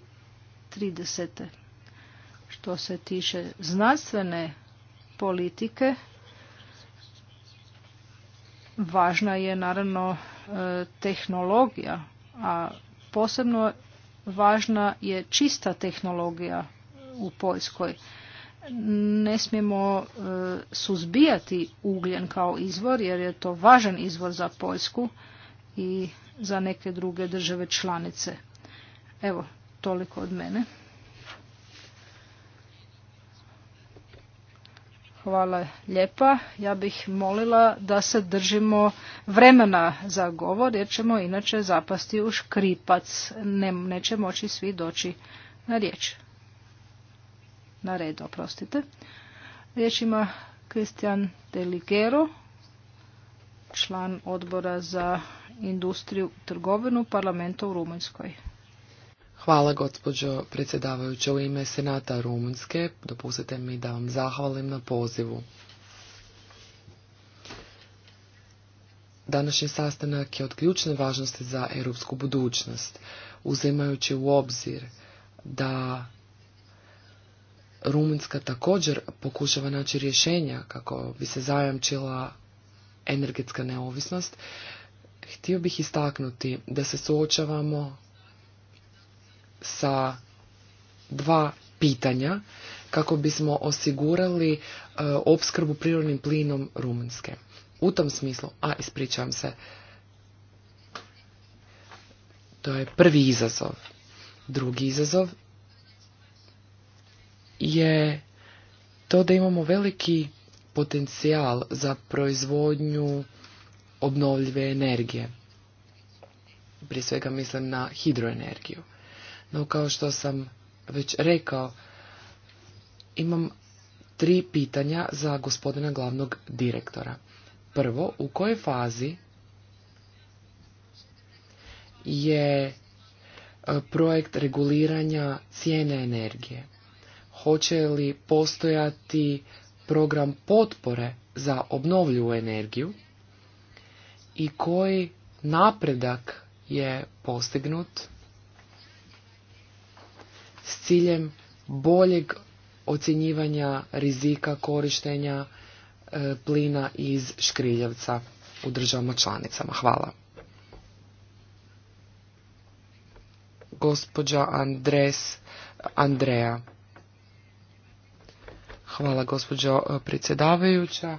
30. Što se tiče znanstvene politike. Važna je naravno e, tehnologija, a posebno važna je čista tehnologija u Poljskoj. Ne smijemo e, suzbijati ugljen kao izvor jer je to važan izvor za Poljsku i za neke druge države članice. Evo, toliko od mene. Hvala lijepa. Ja bih molila da se držimo vremena za govor jer ćemo inače zapasti u škripac. Ne, neće moći svi doći na riječ. Na red, oprostite. Riječ ima Kristijan Deligero, član odbora za industriju i trgovinu parlamenta u Rumunjskoj. Hvala gospođo predsjedavajuća u ime Senata Rumunjske. Dopustite mi da vam zahvalim na pozivu. Današnji sastanak je od ključne važnosti za europsku budućnost, uzimajući u obzir da Rumunjska također pokušava naći rješenja kako bi se zajamčila energetska neovisnost. Htio bih istaknuti da se suočavamo sa dva pitanja kako bismo osigurali e, opskrbu prirodnim plinom Rumunjske. U tom smislu, a ispričavam se, to je prvi izazov. Drugi izazov je to da imamo veliki potencijal za proizvodnju obnovljive energije. Prije svega mislim na hidroenergiju. No, kao što sam već rekao, imam tri pitanja za gospodina glavnog direktora. Prvo, u kojoj fazi je e, projekt reguliranja cijene energije? Hoće li postojati program potpore za obnovljivu energiju i koji napredak je postignut s ciljem boljeg ocjenjivanja rizika korištenja e, plina iz škriljevca u državama članicama. Hvala. Gospođa Andres Andreja. Hvala gospođo e, predsjedavajuća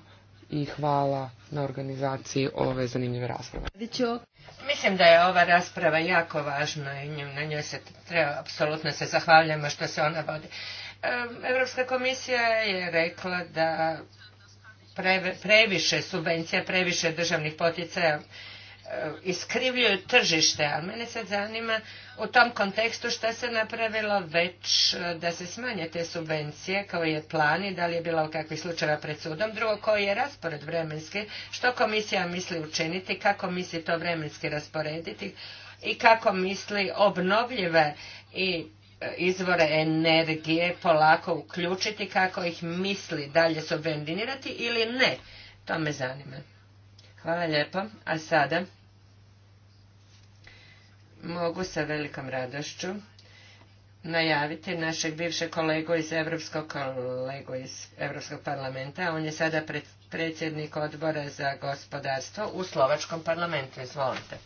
i hvala na organizaciji ove zanimljive rasprave. Mislim da je ova rasprava jako važna i na njoj se treba, apsolutno se zahvaljujemo što se ona vodi. Europska komisija je rekla da previše subvencija, previše državnih poticaja E, iskrivljuju tržište, ali mene sad zanima u tom kontekstu što se napravilo već e, da se smanje te subvencije, koji je plan i da li je bilo kakvih slučajeva pred sudom. Drugo, koji je raspored vremenski, što komisija misli učiniti, kako misli to vremenski rasporediti i kako misli obnovljive i e, izvore energije polako uključiti, kako ih misli dalje subvencionirati ili ne. To me zanima. Hvala lijepo. A sada mogu sa velikom radošću najaviti našeg bivšeg kolegu iz Europskog iz Europskog parlamenta. On je sada predsjednik odbora za gospodarstvo u Slovačkom parlamentu. Izvolite.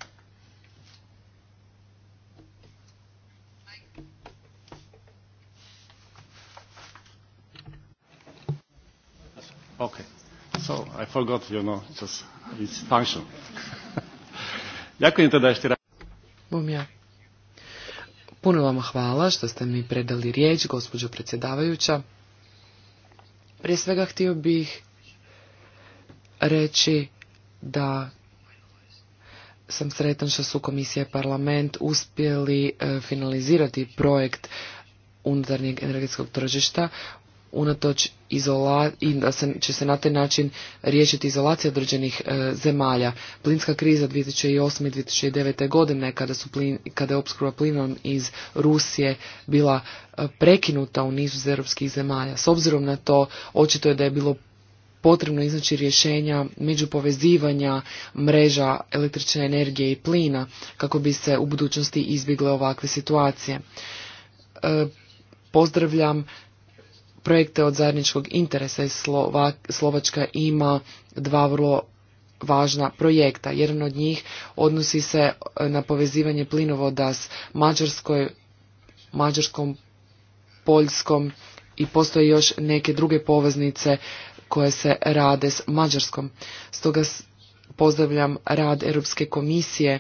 Okay. So, I forgot, you know, just it's Puno vam hvala što ste mi predali riječ, gospođo predsjedavajuća. Prije svega htio bih reći da sam sretan što su komisija i parlament uspjeli e, finalizirati projekt unutarnjeg energetskog tržišta unatoč izola i da se, će se na taj način riješiti izolacija određenih e, zemalja. Plinska kriza 2008. i 2009. godine kada, su plin, kada je opskrba plinom iz Rusije bila e, prekinuta u nizu europskih zemalja. S obzirom na to očito je da je bilo potrebno iznaći rješenja među povezivanja mreža električne energije i plina kako bi se u budućnosti izbjegle ovakve situacije. E, pozdravljam projekte od zajedničkog interesa i Slovačka ima dva vrlo važna projekta. Jedan od njih odnosi se e, na povezivanje plinovoda s Mađarskoj, Mađarskom, Poljskom i postoje još neke druge poveznice koje se rade s Mađarskom. Stoga pozdravljam rad Europske komisije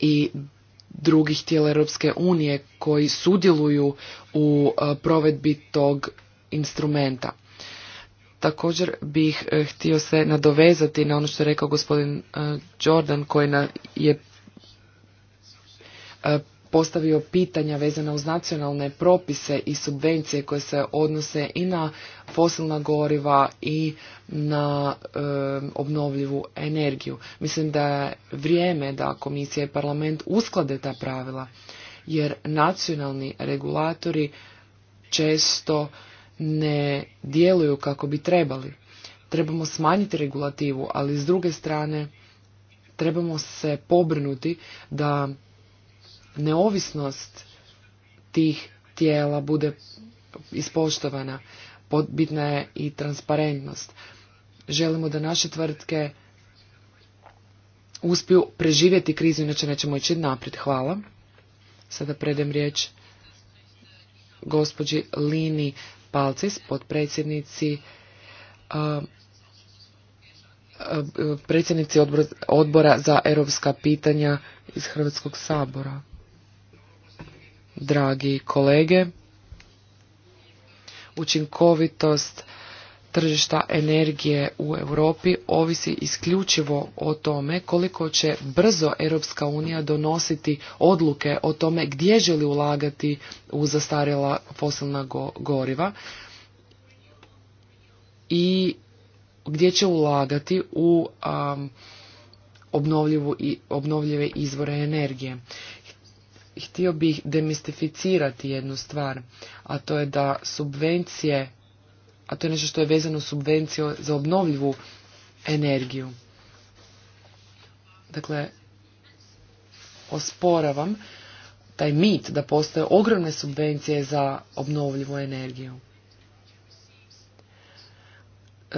i drugih tijela Europske unije koji sudjeluju u e, provedbi tog instrumenta. Također bih e, htio se nadovezati na ono što je rekao gospodin e, Jordan koji je postavio pitanja vezana uz nacionalne propise i subvencije koje se odnose i na fosilna goriva i na obnovljivu energiju. Mislim da je vrijeme da komisija i parlament usklade ta pravila jer nacionalni regulatori često ne djeluju kako bi trebali. Trebamo smanjiti regulativu, ali s druge strane trebamo se pobrinuti da neovisnost tih tijela bude ispoštovana. Bitna je i transparentnost. Želimo da naše tvrtke uspiju preživjeti krizu, inače nećemo ići naprijed. Hvala. Sada predem riječ gospođi Lini Palcis, podpredsjednici predsjednici odbora za europska pitanja iz Hrvatskog sabora dragi kolege. Učinkovitost tržišta energije u Europi ovisi isključivo o tome koliko će brzo Europska unija donositi odluke o tome gdje želi ulagati u zastarjela fosilna goriva i gdje će ulagati u i obnovljive izvore energije htio bih demistificirati jednu stvar, a to je da subvencije, a to je nešto što je vezano subvenciju za obnovljivu energiju. Dakle, osporavam taj mit da postoje ogromne subvencije za obnovljivu energiju.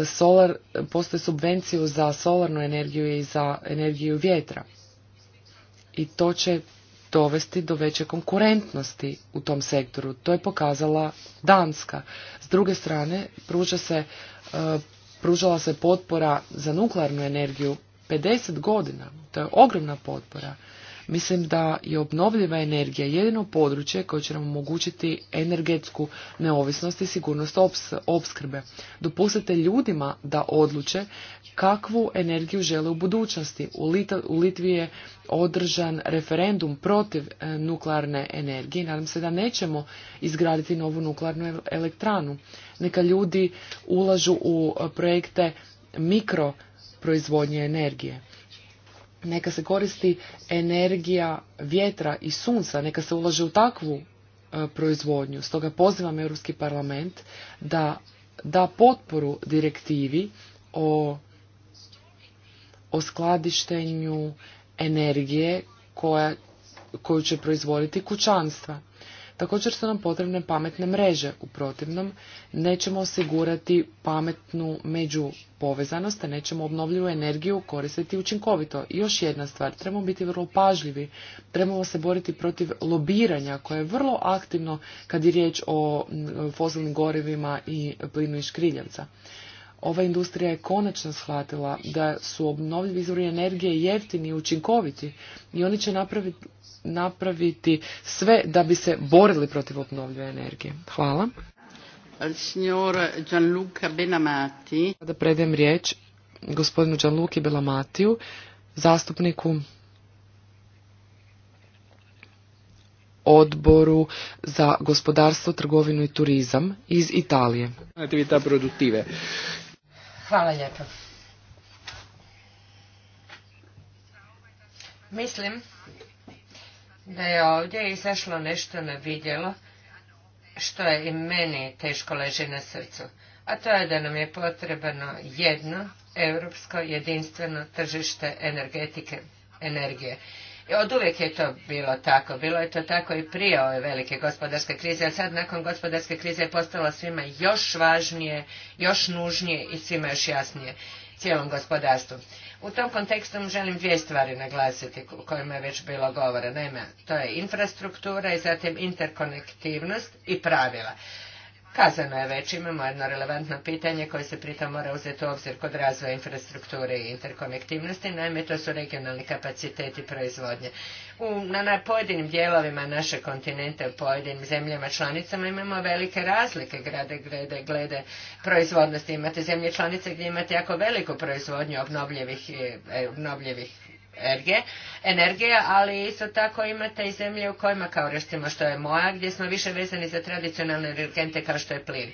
Solar, postoje subvenciju za solarnu energiju i za energiju vjetra. I to će dovesti do veće konkurentnosti u tom sektoru. To je pokazala Danska. S druge strane, pruža se, e, pružala se potpora za nuklearnu energiju 50 godina. To je ogromna potpora. Mislim da je obnovljiva energija jedino područje koje će nam omogućiti energetsku neovisnost i sigurnost opskrbe. Dopustite ljudima da odluče kakvu energiju žele u budućnosti. U, Litvi je održan referendum protiv e, nuklearne energije. Nadam se da nećemo izgraditi novu nuklearnu elektranu. Neka ljudi ulažu u e, projekte mikro proizvodnje energije neka se koristi energija vjetra i sunca, neka se ulaže u takvu e, proizvodnju. Stoga pozivam Europski parlament da da potporu direktivi o, o skladištenju energije koja, koju će proizvoditi kućanstva. Također su nam potrebne pametne mreže, u protivnom nećemo osigurati pametnu međupovezanost, a nećemo obnovljivu energiju koristiti učinkovito. I još jedna stvar, trebamo biti vrlo pažljivi, trebamo se boriti protiv lobiranja koje je vrlo aktivno kad je riječ o fosilnim gorivima i plinu iz škriljevca ova industrija je konačno shvatila da su obnovljivi izvori energije jeftini i učinkoviti i oni će napraviti, napraviti sve da bi se borili protiv obnovljive energije. Hvala. Signor Gianluca Benamati. Da predem riječ gospodinu Gianluca Belamatiju, zastupniku odboru za gospodarstvo, trgovinu i turizam iz Italije. Attività Hvala lijepo. Mislim da je ovdje izašlo nešto na vidjelo što je i meni teško leži na srcu, a to je da nam je potrebno jedno europsko jedinstveno tržište energetike energije i od uvijek je to bilo tako. Bilo je to tako i prije ove velike gospodarske krize, a sad nakon gospodarske krize je postalo svima još važnije, još nužnije i svima još jasnije cijelom gospodarstvu. U tom kontekstu želim dvije stvari naglasiti o kojima je već bilo govora. Naime, to je infrastruktura i zatim interkonektivnost i pravila. Kazano je već, imamo jedno relevantno pitanje koje se pritom mora uzeti u obzir kod razvoja infrastrukture i interkonektivnosti, naime to su regionalni kapaciteti proizvodnje. U, na, pojedinim dijelovima naše kontinenta, u pojedinim zemljama članicama imamo velike razlike grade, glede, glede proizvodnosti. Imate zemlje članice gdje imate jako veliku proizvodnju obnovljivih, e, obnovljivih energije, energije, ali isto tako imate i zemlje u kojima, kao recimo što je moja, gdje smo više vezani za tradicionalne energente kao što je plin.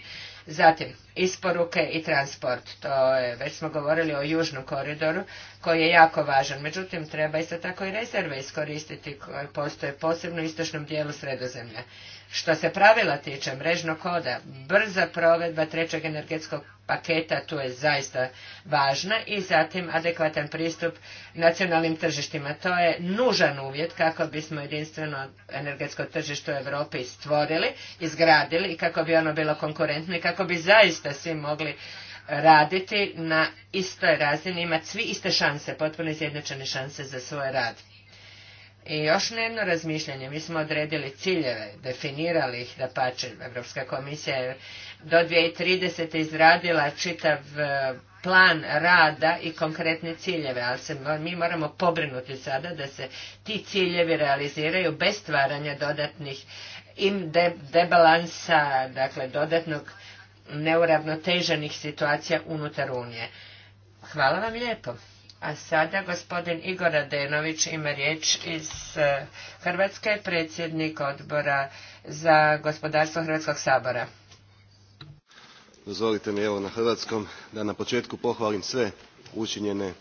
Zatim, isporuke i transport. To je, već smo govorili o južnom koridoru, koji je jako važan. Međutim, treba isto tako i rezerve iskoristiti koje postoje posebno u istočnom dijelu sredozemlja. Što se pravila tiče mrežnog koda, brza provedba trećeg energetskog paketa tu je zaista važna i zatim adekvatan pristup nacionalnim tržištima. To je nužan uvjet kako bismo jedinstveno energetsko tržište u Europi stvorili, izgradili i kako bi ono bilo konkurentno i kako bi zaista svi mogli raditi na istoj razini, imati svi iste šanse, potpuno izjednačene šanse za svoj rad. I još na jedno razmišljanje, mi smo odredili ciljeve, definirali ih da Europska Evropska komisija je do 2030. izradila čitav e, plan rada i konkretne ciljeve, ali se mi moramo pobrinuti sada da se ti ciljevi realiziraju bez stvaranja dodatnih im debalansa, dakle dodatnog neuravnoteženih situacija unutar Unije. Hvala vam lijepo. A sada gospodin Igor Adenović ima riječ iz e, Hrvatske, predsjednik odbora za gospodarstvo Hrvatskog sabora. Dozvolite mi evo na hrvatskom da na početku pohvalim sve učinjene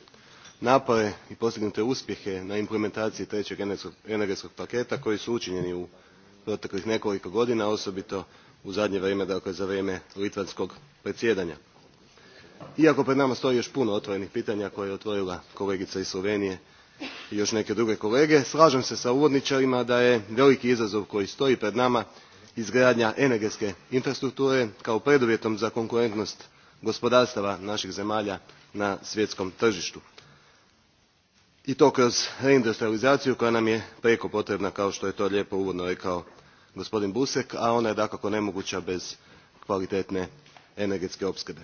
napore i postignute uspjehe na implementaciji trećeg energetskog paketa koji su učinjeni u proteklih nekoliko godina, osobito u zadnje vrijeme, dakle za vrijeme litvanskog predsjedanja iako pred nama stoji još puno otvorenih pitanja koje je otvorila kolegica iz slovenije i još neke druge kolege slažem se sa uvodničarima da je veliki izazov koji stoji pred nama izgradnja energetske infrastrukture kao preduvjetom za konkurentnost gospodarstava naših zemalja na svjetskom tržištu i to kroz reindustrializaciju koja nam je preko potrebna kao što je to lijepo uvodno rekao gospodin Busek, a ona je dakako nemoguća bez kvalitetne energetske opskrbe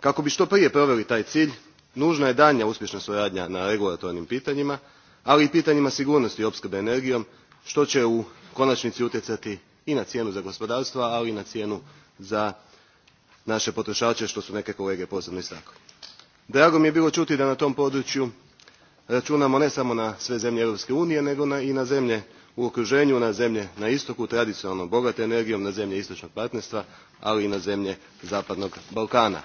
kako bi što prije proveli taj cilj nužna je daljnja uspješna suradnja na regulatornim pitanjima ali i pitanjima sigurnosti opskrbe energijom što će u konačnici utjecati i na cijenu za gospodarstva ali i na cijenu za naše potrošače što su neke kolege posebno istakli. drago mi je bilo čuti da na tom području računamo ne samo na sve zemlje europske unije nego i na zemlje u okruženju na zemlje na istoku tradicionalno bogate energijom na zemlje istočnog partnerstva ali i na zemlje zapadnog balkana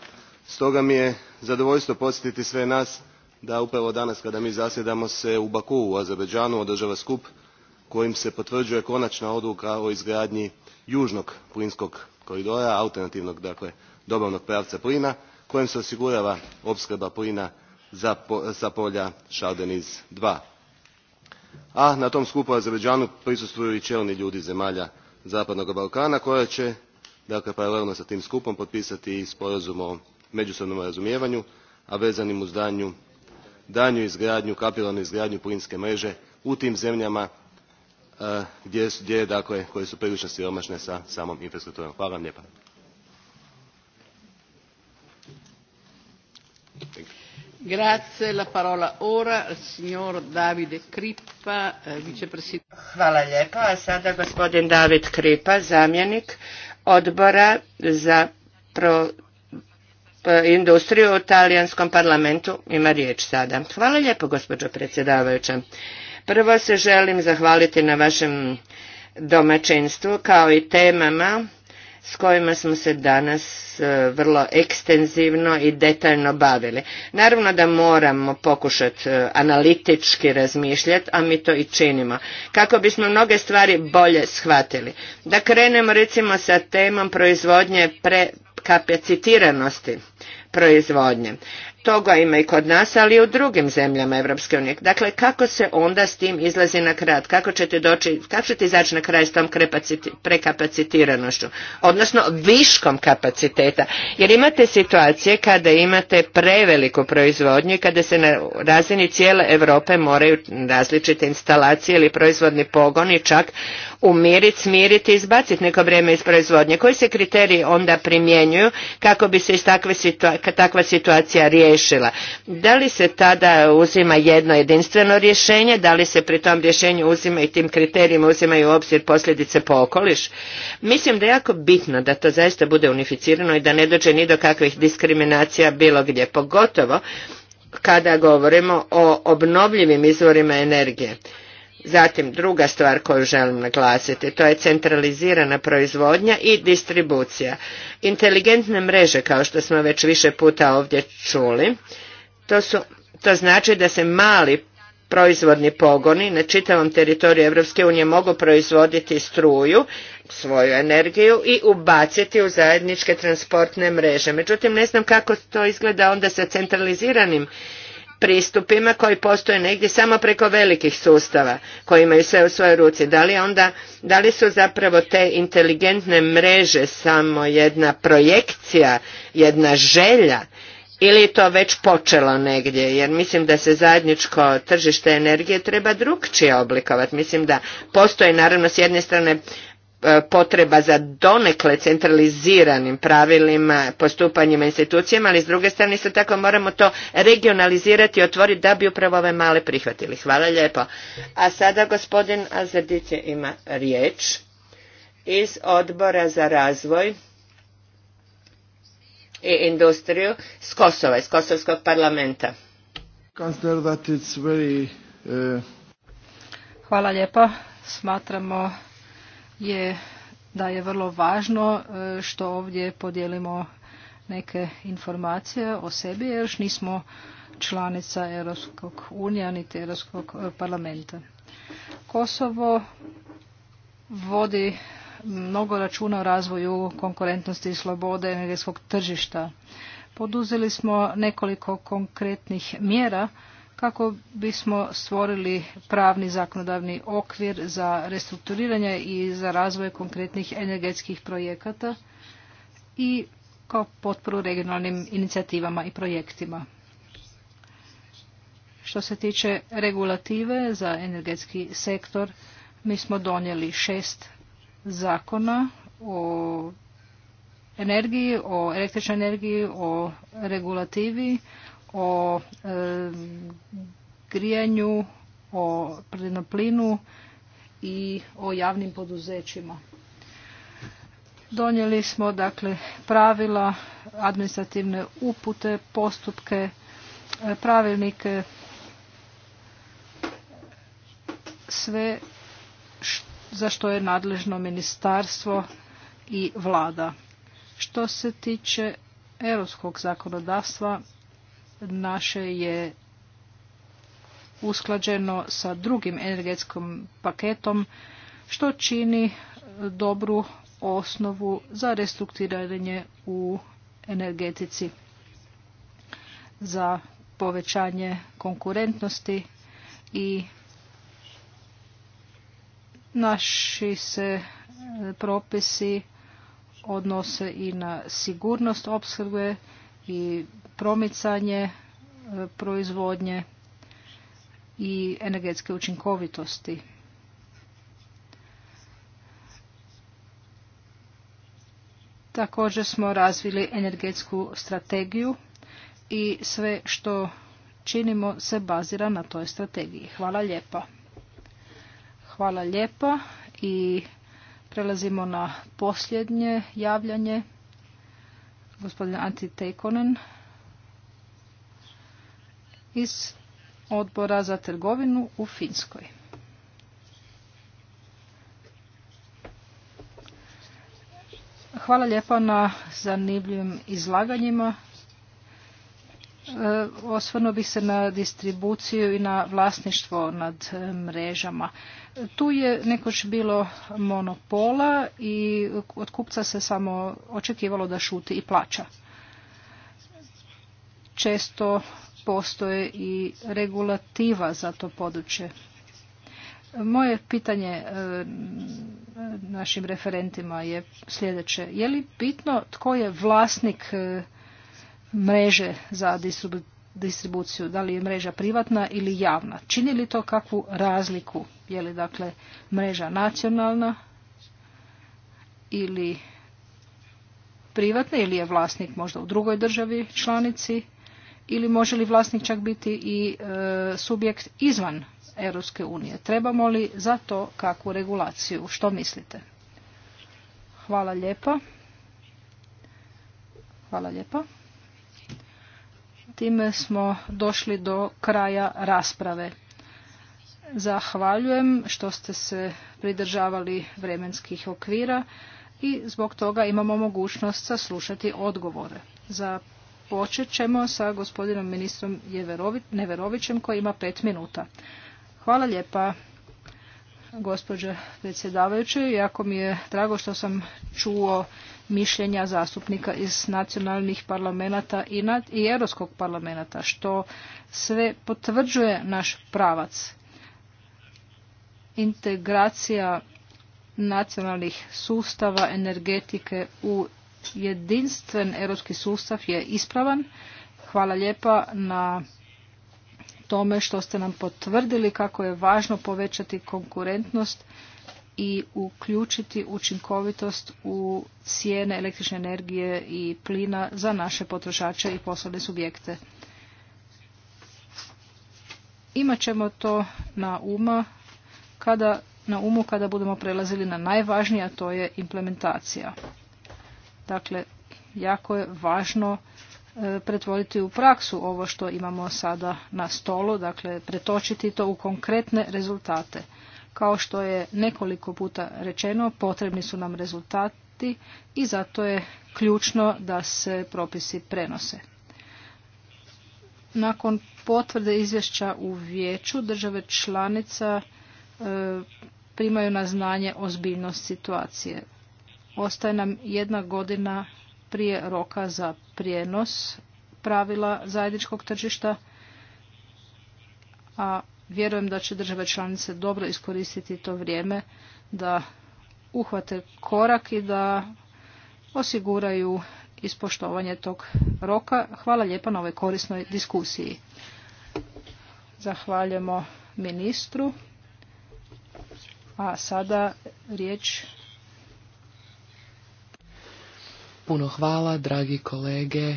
stoga mi je zadovoljstvo podsjetiti sve nas da upravo danas kada mi zasjedamo se u bakuu u Azerbajdanu održava skup kojim se potvrđuje konačna odluka o izgradnji južnog plinskog koridora alternativnog dakle dobavnog pravca plina kojim se osigurava opskrba plina sa polja šaldeniz dva a na tom skupu u azerbajdanu prisustvuju i čelni ljudi zemalja zapadnog balkana koja će dakle paralelno sa tim skupom potpisati i sporazum o međusobnom razumijevanju a vezanim uz danju izgradnju kapilarnu izgradnju plinske mreže u tim zemljama e, gdje su gdje dakle koje su prilično siromašne sa samom infrastrukturom. Hvala vam lijepa. parola Davide eh, Hvala lijepa. A sada gospodin David Kripa, zamjenik odbora za pro E, industriju u talijanskom parlamentu ima riječ sada. Hvala lijepo gospođo predsjedavajuća. Prvo se želim zahvaliti na vašem domaćinstvu kao i temama s kojima smo se danas e, vrlo ekstenzivno i detaljno bavili. Naravno da moramo pokušati e, analitički razmišljati, a mi to i činimo, kako bismo mnoge stvari bolje shvatili. Da krenemo recimo sa temom proizvodnje pre kapacitiranosti proizvodnje. Toga ima i kod nas, ali i u drugim zemljama Evropske unije. Dakle, kako se onda s tim izlazi na krat? Kako ćete, doći, kako ćete izaći na kraj s tom prekapacitiranošću? Odnosno, viškom kapaciteta. Jer imate situacije kada imate preveliku proizvodnju i kada se na razini cijele Europe moraju različite instalacije ili proizvodni pogoni čak umiriti, smiriti i izbaciti neko vrijeme iz proizvodnje. Koji se kriteriji onda primjenjuju kako bi se takva situacija riješila? Da li se tada uzima jedno jedinstveno rješenje, da li se pri tom rješenju uzima i tim kriterijima uzimaju u obzir posljedice po okoliš? Mislim da je jako bitno da to zaista bude unificirano i da ne dođe ni do kakvih diskriminacija bilo gdje, pogotovo kada govorimo o obnovljivim izvorima energije. Zatim druga stvar koju želim naglasiti, to je centralizirana proizvodnja i distribucija. Inteligentne mreže, kao što smo već više puta ovdje čuli, to, su, to znači da se mali proizvodni pogoni na čitavom teritoriju EU mogu proizvoditi struju, svoju energiju i ubaciti u zajedničke transportne mreže. Međutim, ne znam kako to izgleda onda sa centraliziranim pristupima koji postoje negdje samo preko velikih sustava koji imaju sve u svojoj ruci. Da li, onda, da li su zapravo te inteligentne mreže samo jedna projekcija, jedna želja ili je to već počelo negdje, jer mislim da se zajedničko tržište energije treba drukčije oblikovati. Mislim da postoje naravno s jedne strane E, potreba za donekle centraliziranim pravilima, postupanjima, institucijama, ali s druge strane isto tako moramo to regionalizirati i otvoriti da bi upravo ove male prihvatili. Hvala lijepo. A sada gospodin Azerdić ima riječ iz odbora za razvoj i industriju s Kosova, iz Kosovskog parlamenta. E, Hvala lijepo. Smatramo je da je vrlo važno e, što ovdje podijelimo neke informacije o sebi jer još nismo članica Europskog unija niti Europskog e, parlamenta. Kosovo vodi mnogo računa o razvoju konkurentnosti i slobode energetskog tržišta. Poduzeli smo nekoliko konkretnih mjera kako bismo stvorili pravni zakonodavni okvir za restrukturiranje i za razvoj konkretnih energetskih projekata i kao potporu regionalnim inicijativama i projektima. Što se tiče regulative za energetski sektor, mi smo donijeli šest zakona o energiji, o električnoj energiji, o regulativi, o e, grijanju, o plinu i o javnim poduzećima. Donijeli smo dakle pravila, administrativne upute, postupke, e, pravilnike, sve za što je nadležno ministarstvo i vlada. Što se tiče europskog zakonodavstva, naše je usklađeno sa drugim energetskom paketom što čini e, dobru osnovu za restrukturiranje u energetici za povećanje konkurentnosti i naši se e, propisi odnose i na sigurnost opskrbe i promicanje e, proizvodnje i energetske učinkovitosti. Također smo razvili energetsku strategiju i sve što činimo se bazira na toj strategiji. Hvala lijepa. Hvala lijepa i prelazimo na posljednje javljanje. Gospodin Antti Teikonen iz odbora za trgovinu u Finskoj. Hvala lijepo na zanimljivim izlaganjima. E, osvrnuo bih se na distribuciju i na vlasništvo nad e, mrežama. Tu je nekoć bilo monopola i od kupca se samo očekivalo da šuti i plaća. Često postoje i regulativa za to područje. Moje pitanje e, našim referentima je sljedeće. Je li bitno tko je vlasnik e, mreže za distribuciju? Da li je mreža privatna ili javna? Čini li to kakvu razliku? Je li dakle mreža nacionalna ili privatna ili je vlasnik možda u drugoj državi članici? ili može li vlasnik čak biti i e, subjekt izvan Europske unije? Trebamo li za to kakvu regulaciju? Što mislite? Hvala lijepa. Hvala lijepa. Time smo došli do kraja rasprave. Zahvaljujem što ste se pridržavali vremenskih okvira i zbog toga imamo mogućnost saslušati odgovore. Za počet ćemo sa gospodinom ministrom Neverovićem koji ima pet minuta. Hvala lijepa gospođe predsjedavajuće. Jako mi je drago što sam čuo mišljenja zastupnika iz nacionalnih parlamenta i, i Europskog parlamenta, što sve potvrđuje naš pravac. Integracija nacionalnih sustava energetike u jedinstven europski sustav je ispravan. Hvala lijepa na tome što ste nam potvrdili kako je važno povećati konkurentnost i uključiti učinkovitost u cijene električne energije i plina za naše potrošače i poslovne subjekte. Imat ćemo to na uma kada na umu kada budemo prelazili na najvažnije, a to je implementacija. Dakle, jako je važno e, pretvoriti u praksu ovo što imamo sada na stolu, dakle pretočiti to u konkretne rezultate. Kao što je nekoliko puta rečeno, potrebni su nam rezultati i zato je ključno da se propisi prenose. Nakon potvrde izvješća u vijeću države članica e, primaju na znanje ozbiljnost situacije. Ostaje nam jedna godina prije roka za prijenos pravila zajedničkog tržišta, a vjerujem da će države članice dobro iskoristiti to vrijeme da uhvate korak i da osiguraju ispoštovanje tog roka. Hvala lijepa na ovoj korisnoj diskusiji. Zahvaljujemo ministru. A sada riječ Puno hvala, dragi kolege,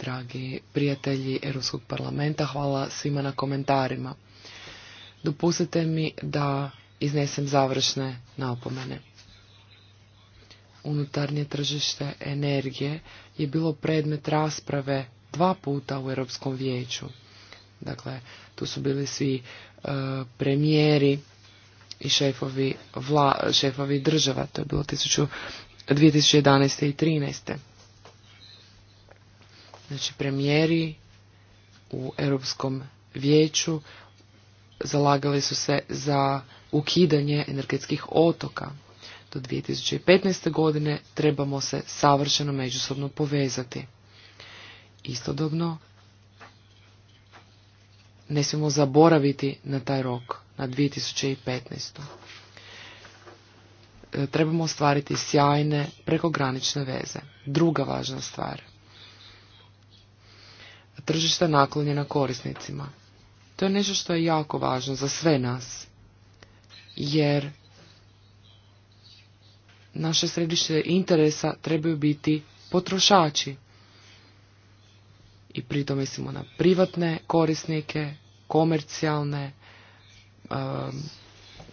dragi prijatelji Europskog parlamenta. Hvala svima na komentarima. Dopustite mi da iznesem završne napomene. Unutarnje tržište energije je bilo predmet rasprave dva puta u Europskom vijeću. Dakle, tu su bili svi e, premijeri i šefovi, šefovi država. To je bilo 2011. i 2013. Znači, premijeri u Europskom vijeću zalagali su se za ukidanje energetskih otoka. Do 2015. godine trebamo se savršeno međusobno povezati. Istodobno, ne smijemo zaboraviti na taj rok, na 2015. E, trebamo ostvariti sjajne prekogranične veze. Druga važna stvar. Tržišta naklonjena korisnicima. To je nešto što je jako važno za sve nas. Jer naše središte interesa trebaju biti potrošači. I pritom mislimo na privatne korisnike, komercijalne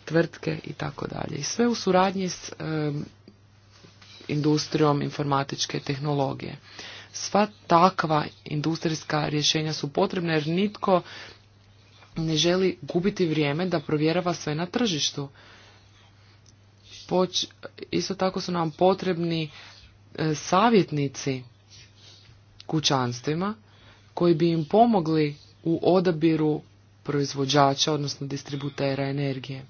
tvrtke i tako dalje. I sve u suradnji s industrijom informatičke tehnologije. Sva takva industrijska rješenja su potrebna jer nitko ne želi gubiti vrijeme da provjerava sve na tržištu. isto tako su nam potrebni e, savjetnici kućanstvima koji bi im pomogli u odabiru proizvođača, odnosno distributera energije.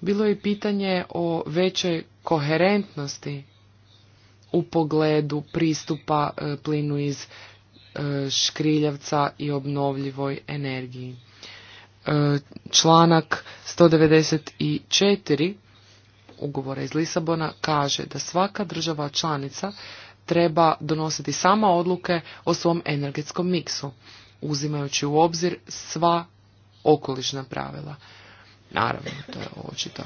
Bilo je pitanje o većoj koherentnosti u pogledu pristupa e, plinu iz e, škriljavca i obnovljivoj energiji. E, članak 194 ugovora iz Lisabona kaže da svaka država članica treba donositi sama odluke o svom energetskom miksu, uzimajući u obzir sva okolišna pravila. Naravno, to je očito.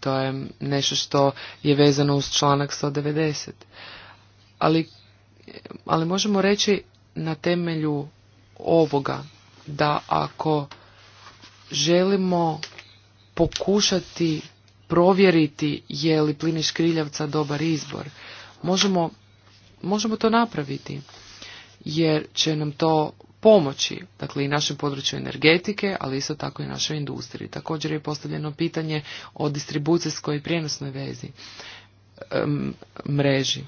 To je nešto što je vezano uz članak 190. Ali, ali možemo reći na temelju ovoga da ako želimo pokušati provjeriti je li plini dobar izbor, možemo, možemo to napraviti jer će nam to pomoći, dakle i našem području energetike, ali isto tako i našoj industriji. Također je postavljeno pitanje o distribucijskoj i prijenosnoj vezi mreži.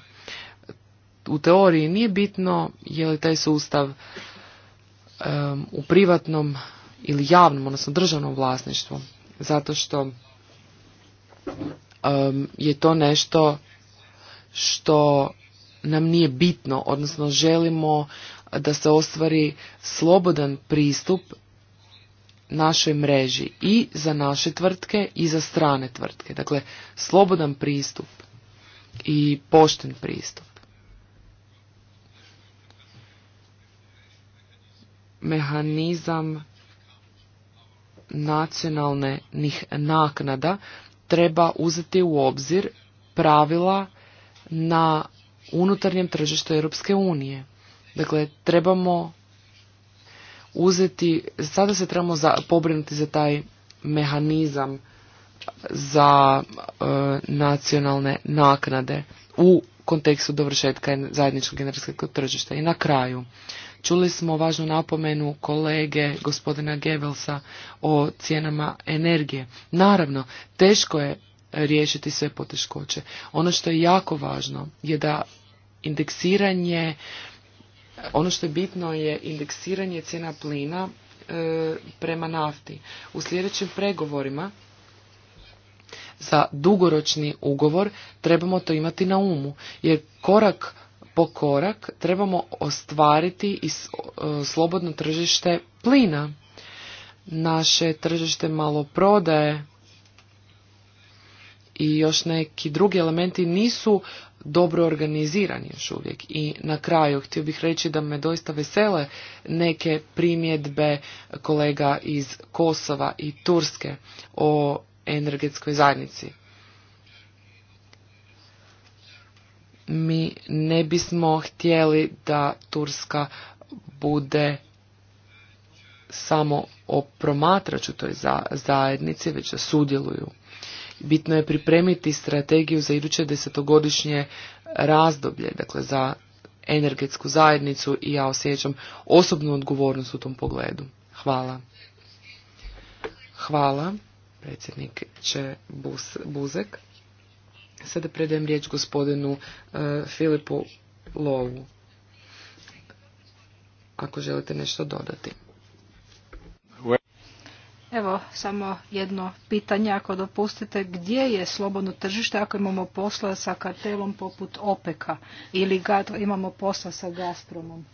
U teoriji nije bitno je li taj sustav u privatnom ili javnom, odnosno državnom vlasništvu, zato što je to nešto što nam nije bitno, odnosno želimo da se ostvari slobodan pristup našoj mreži i za naše tvrtke i za strane tvrtke. Dakle, slobodan pristup i pošten pristup. Mehanizam nacionalnih naknada treba uzeti u obzir pravila na unutarnjem tržištu Europske unije. Dakle, trebamo uzeti, sada se trebamo za, pobrinuti za taj mehanizam za e, nacionalne naknade u kontekstu dovršetka zajedničkog energetskog tržišta. I na kraju, čuli smo važnu napomenu kolege gospodina Gebelsa o cijenama energije. Naravno, teško je riješiti sve poteškoće. Ono što je jako važno je da indeksiranje ono što je bitno je indeksiranje cijena plina e, prema nafti. U sljedećim pregovorima za dugoročni ugovor trebamo to imati na umu, jer korak po korak trebamo ostvariti slobodno tržište plina. Naše tržište maloprodaje i još neki drugi elementi nisu dobro organiziran još uvijek. I na kraju htio bih reći da me doista vesele neke primjedbe kolega iz Kosova i Turske o energetskoj zajednici. Mi ne bismo htjeli da Turska bude samo o promatraču toj zajednici, već da sudjeluju Bitno je pripremiti strategiju za iduće desetogodišnje razdoblje, dakle za energetsku zajednicu i ja osjećam osobnu odgovornost u tom pogledu. Hvala. Hvala, predsjednik Če Buzek. Sada predajem riječ gospodinu e, Filipu Lovu. Ako želite nešto dodati. Evo samo jedno pitanje, ako dopustite, gdje je slobodno tržište ako imamo posla sa kartelom poput OPEKA ili imamo posla sa Gazpromom?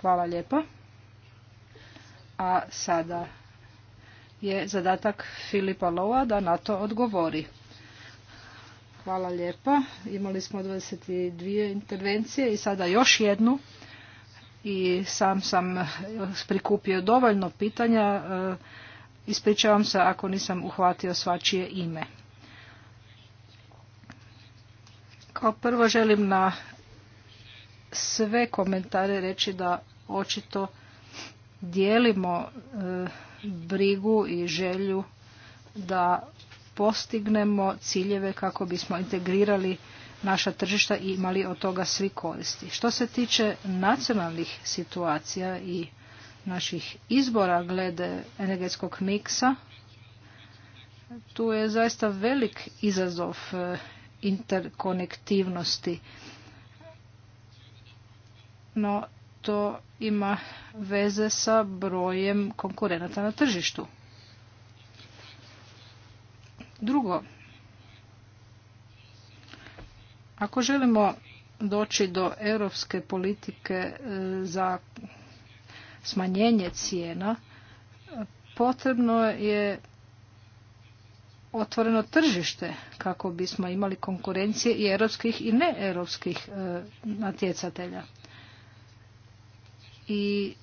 Hvala lijepa. A sada je zadatak Filipa Lova da na to odgovori. Hvala lijepa. Imali smo 22 intervencije i sada još jednu i sam sam eh, prikupio dovoljno pitanja. Eh, ispričavam se ako nisam uhvatio svačije ime. Kao prvo želim na sve komentare reći da očito dijelimo eh, brigu i želju da postignemo ciljeve kako bismo integrirali naša tržišta i imali od toga svi koristi. Što se tiče nacionalnih situacija i naših izbora glede energetskog miksa, tu je zaista velik izazov eh, interkonektivnosti. No, to ima veze sa brojem konkurenata na tržištu. Drugo, ako želimo doći do europske politike e, za smanjenje cijena, potrebno je otvoreno tržište kako bismo imali konkurencije i europskih i neeuropskih e, natjecatelja. I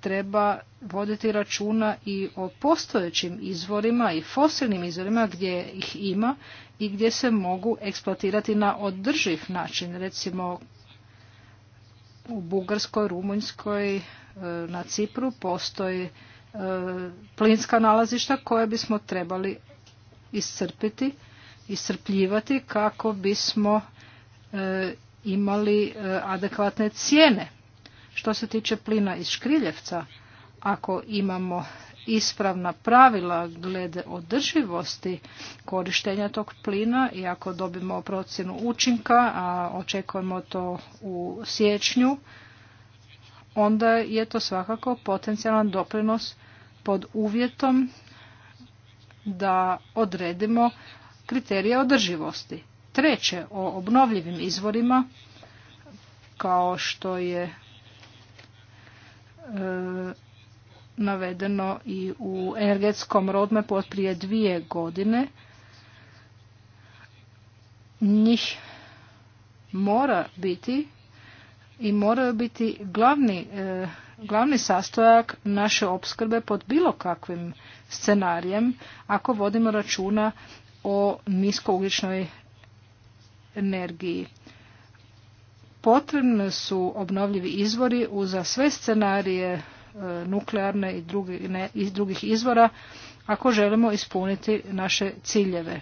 treba voditi računa i o postojećim izvorima i fosilnim izvorima gdje ih ima i gdje se mogu eksploatirati na održiv način, recimo u Bugarskoj, Rumunjskoj, e, na Cipru postoji e, plinska nalazišta koje bismo trebali iscrpiti, iscrpljivati kako bismo e, imali adekvatne cijene što se tiče plina iz škriljevca, ako imamo ispravna pravila glede održivosti korištenja tog plina i ako dobimo procjenu učinka, a očekujemo to u siječnju, onda je to svakako potencijalan doprinos pod uvjetom da odredimo kriterije održivosti. Treće, o obnovljivim izvorima, kao što je E, navedeno i u energetskom roadmapu od prije dvije godine. Njih mora biti i moraju biti glavni, e, glavni sastojak naše opskrbe pod bilo kakvim scenarijem ako vodimo računa o niskougljičnoj energiji potrebne su obnovljivi izvori uza sve scenarije e, nuklearne i, drugih izvora ako želimo ispuniti naše ciljeve.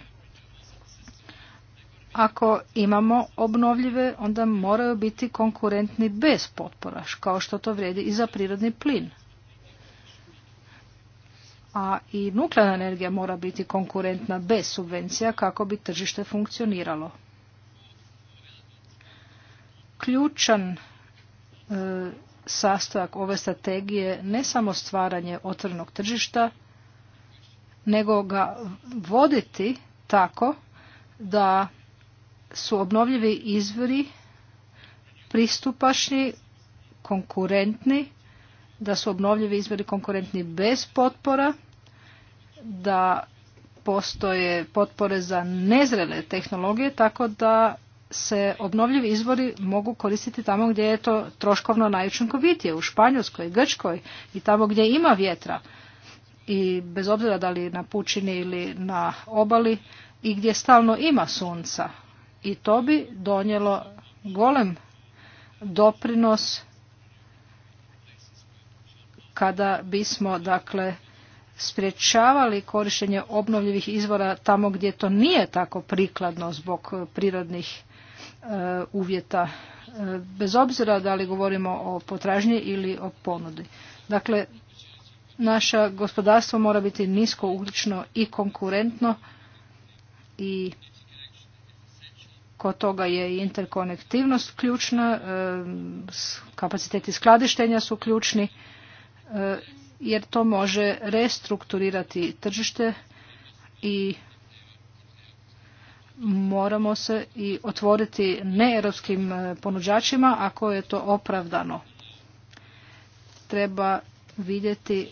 Ako imamo obnovljive, onda moraju biti konkurentni bez potpora, kao što to vrijedi i za prirodni plin. A i nuklearna energija mora biti konkurentna bez subvencija kako bi tržište funkcioniralo ključan e, sastojak ove strategije ne samo stvaranje otvorenog tržišta, nego ga voditi tako da su obnovljivi izvori pristupačni, konkurentni, da su obnovljivi izvori konkurentni bez potpora, da postoje potpore za nezrele tehnologije, tako da se obnovljivi izvori mogu koristiti tamo gdje je to troškovno najučinkovitije, u Španjolskoj, Grčkoj i tamo gdje ima vjetra. I bez obzira da li na pučini ili na obali i gdje stalno ima sunca. I to bi donijelo golem doprinos kada bismo dakle sprječavali korištenje obnovljivih izvora tamo gdje to nije tako prikladno zbog prirodnih E, uvjeta, e, bez obzira da li govorimo o potražnji ili o ponudi. Dakle, naša gospodarstvo mora biti nisko ugljično i konkurentno i kod toga je interkonektivnost ključna, e, kapaciteti skladištenja su ključni, jer to može restrukturirati tržište i moramo se i otvoriti neeuropskim e, ponuđačima ako je to opravdano. Treba vidjeti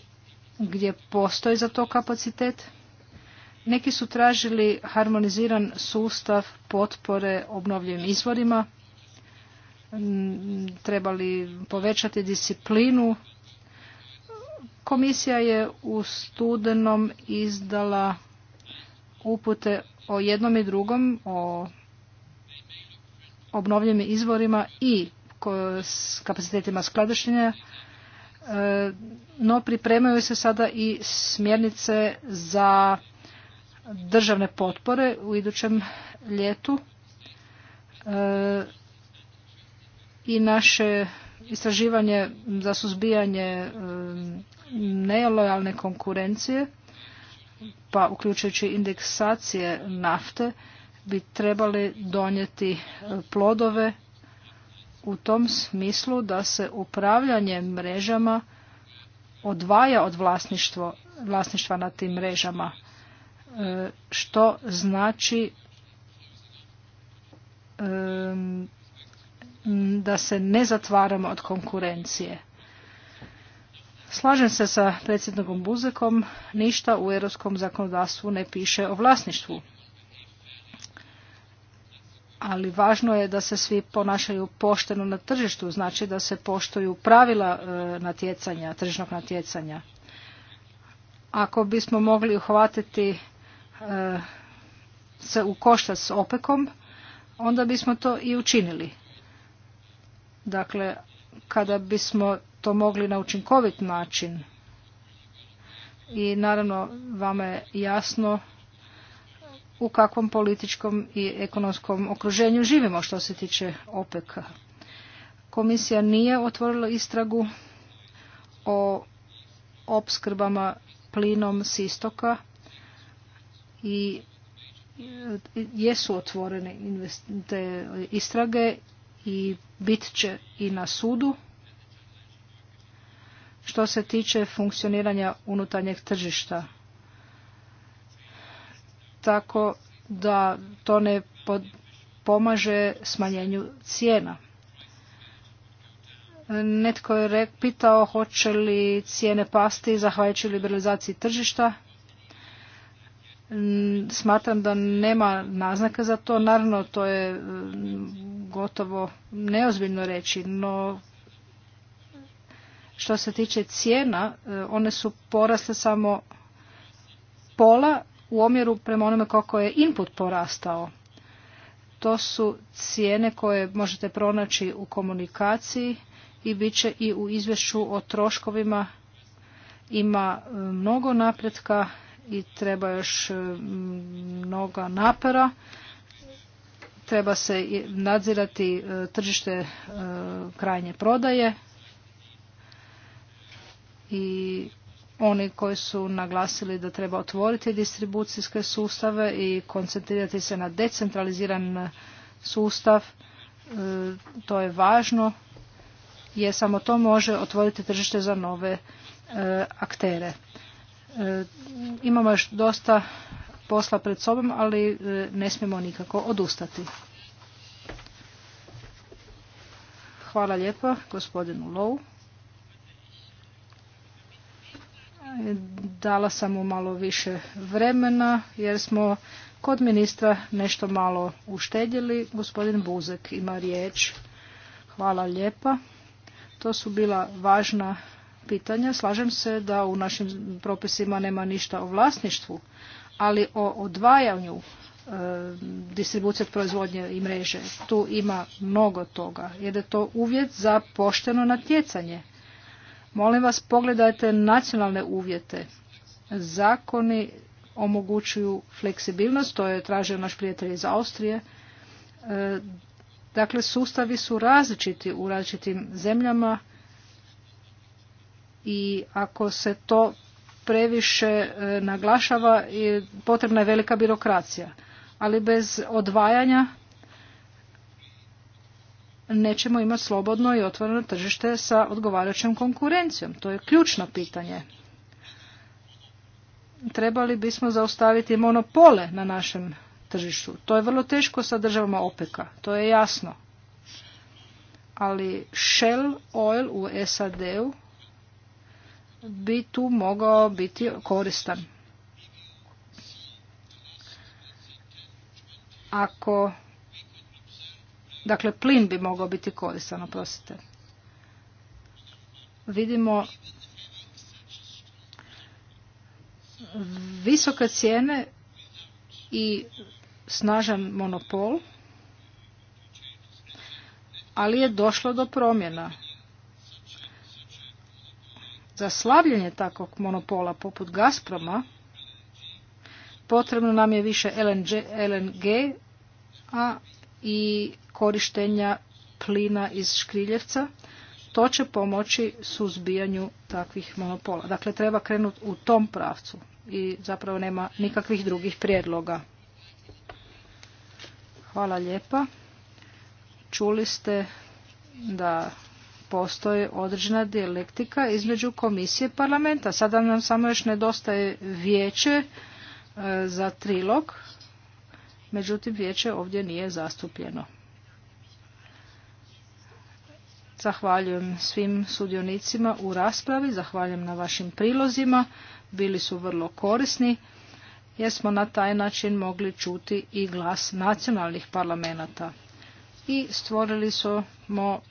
gdje postoji za to kapacitet. Neki su tražili harmoniziran sustav potpore obnovljivim izvorima, trebali povećati disciplinu. Komisija je u studenom izdala upute o jednom i drugom, o obnovljivim izvorima i s kapacitetima skladištenja, e, no pripremaju se sada i smjernice za državne potpore u idućem ljetu e, i naše istraživanje za suzbijanje e, nelojalne konkurencije pa uključujući indeksacije nafte bi trebali donijeti e, plodove u tom smislu da se upravljanje mrežama odvaja od vlasništva na tim mrežama e, što znači e, da se ne zatvaramo od konkurencije Slažem se sa predsjednikom Buzekom, ništa u europskom zakonodavstvu ne piše o vlasništvu. Ali važno je da se svi ponašaju pošteno na tržištu, znači da se poštuju pravila e, natjecanja, tržišnog natjecanja. Ako bismo mogli uhvatiti e, se u koštac s opekom, onda bismo to i učinili. Dakle, kada bismo mogli na učinkovit način. I naravno vama je jasno u kakvom političkom i ekonomskom okruženju živimo što se tiče OPEC-a. Komisija nije otvorila istragu o opskrbama plinom s istoka i jesu otvorene te istrage i bit će i na sudu što se tiče funkcioniranja unutarnjeg tržišta. Tako da to ne pomaže smanjenju cijena. Netko je pitao hoće li cijene pasti zahvaljujući liberalizaciji tržišta. Mm, smatram da nema naznaka za to. Naravno, to je mm, gotovo neozbiljno reći, no što se tiče cijena, e, one su porasle samo pola u omjeru prema onome kako je input porastao. To su cijene koje možete pronaći u komunikaciji i bit će i u izvješću o troškovima. Ima e, mnogo napretka i treba još e, mnoga napora. Treba se nadzirati tržište krajnje prodaje i oni koji su naglasili da treba otvoriti distribucijske sustave i koncentrirati se na decentraliziran sustav, e, to je važno jer samo to može otvoriti tržište za nove e, aktere. E, imamo još dosta posla pred sobom, ali ne smijemo nikako odustati. Hvala lijepa gospodinu Lowe. Dala sam mu malo više vremena jer smo kod ministra nešto malo uštedjeli. Gospodin Buzek ima riječ. Hvala lijepa. To su bila važna pitanja. Slažem se da u našim propisima nema ništa o vlasništvu, ali o odvajanju e, distribucije proizvodnje i mreže. Tu ima mnogo toga jer je to uvjet za pošteno natjecanje. Molim vas pogledajte nacionalne uvjete. Zakoni omogućuju fleksibilnost, to je tražio naš prijatelj iz Austrije. E, dakle, sustavi su različiti u različitim zemljama i ako se to previše e, naglašava, potrebna je velika birokracija. Ali bez odvajanja nećemo imati slobodno i otvoreno tržište sa odgovarajućom konkurencijom. To je ključno pitanje. Trebali bismo zaustaviti monopole na našem tržištu. To je vrlo teško sa državama OPEC-a, to je jasno. Ali Shell Oil u SAD-u bi tu mogao biti koristan. Ako Dakle, plin bi mogao biti koristan, oprostite. Vidimo visoke cijene i snažan monopol, ali je došlo do promjena. Za slabljenje takvog monopola poput Gazproma potrebno nam je više LNG, LNG a i korištenja plina iz škriljevca. To će pomoći suzbijanju takvih monopola. Dakle, treba krenuti u tom pravcu i zapravo nema nikakvih drugih prijedloga. Hvala lijepa. Čuli ste da postoji određena dijalektika između komisije parlamenta. Sada nam samo još nedostaje vijeće e, za trilog, međutim vijeće ovdje nije zastupljeno. Zahvaljujem svim sudionicima u raspravi, zahvaljujem na vašim prilozima, bili su vrlo korisni jer smo na taj način mogli čuti i glas nacionalnih parlamenta i stvorili smo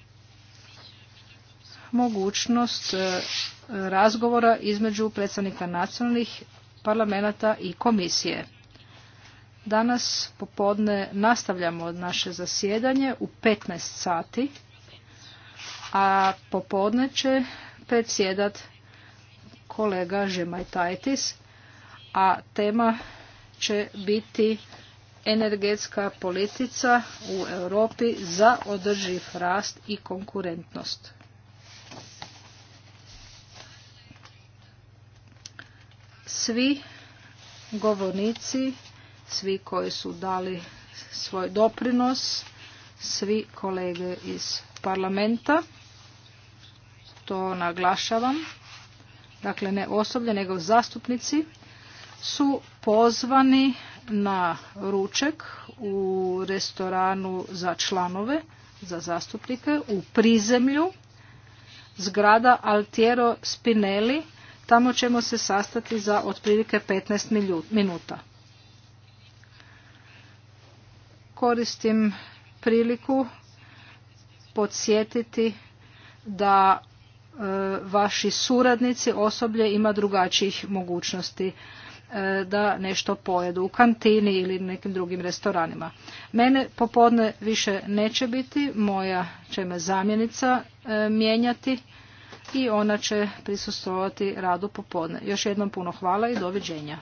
mogućnost e, razgovora između predstavnika nacionalnih parlamenta i komisije. Danas popodne nastavljamo naše zasjedanje u 15 sati a popodne će predsjedat kolega Žemajtajtis, a tema će biti energetska politica u Europi za održiv rast i konkurentnost. Svi govornici, svi koji su dali svoj doprinos, svi kolege iz parlamenta to naglašavam, dakle ne osoblje nego zastupnici, su pozvani na ruček u restoranu za članove, za zastupnike u prizemlju zgrada Altiero Spinelli. Tamo ćemo se sastati za otprilike 15 minuta. Koristim priliku podsjetiti da E, vaši suradnici, osoblje ima drugačijih mogućnosti e, da nešto pojedu u kantini ili nekim drugim restoranima. Mene popodne više neće biti, moja će me zamjenica e, mijenjati i ona će prisustovati radu popodne. Još jednom puno hvala i doviđenja.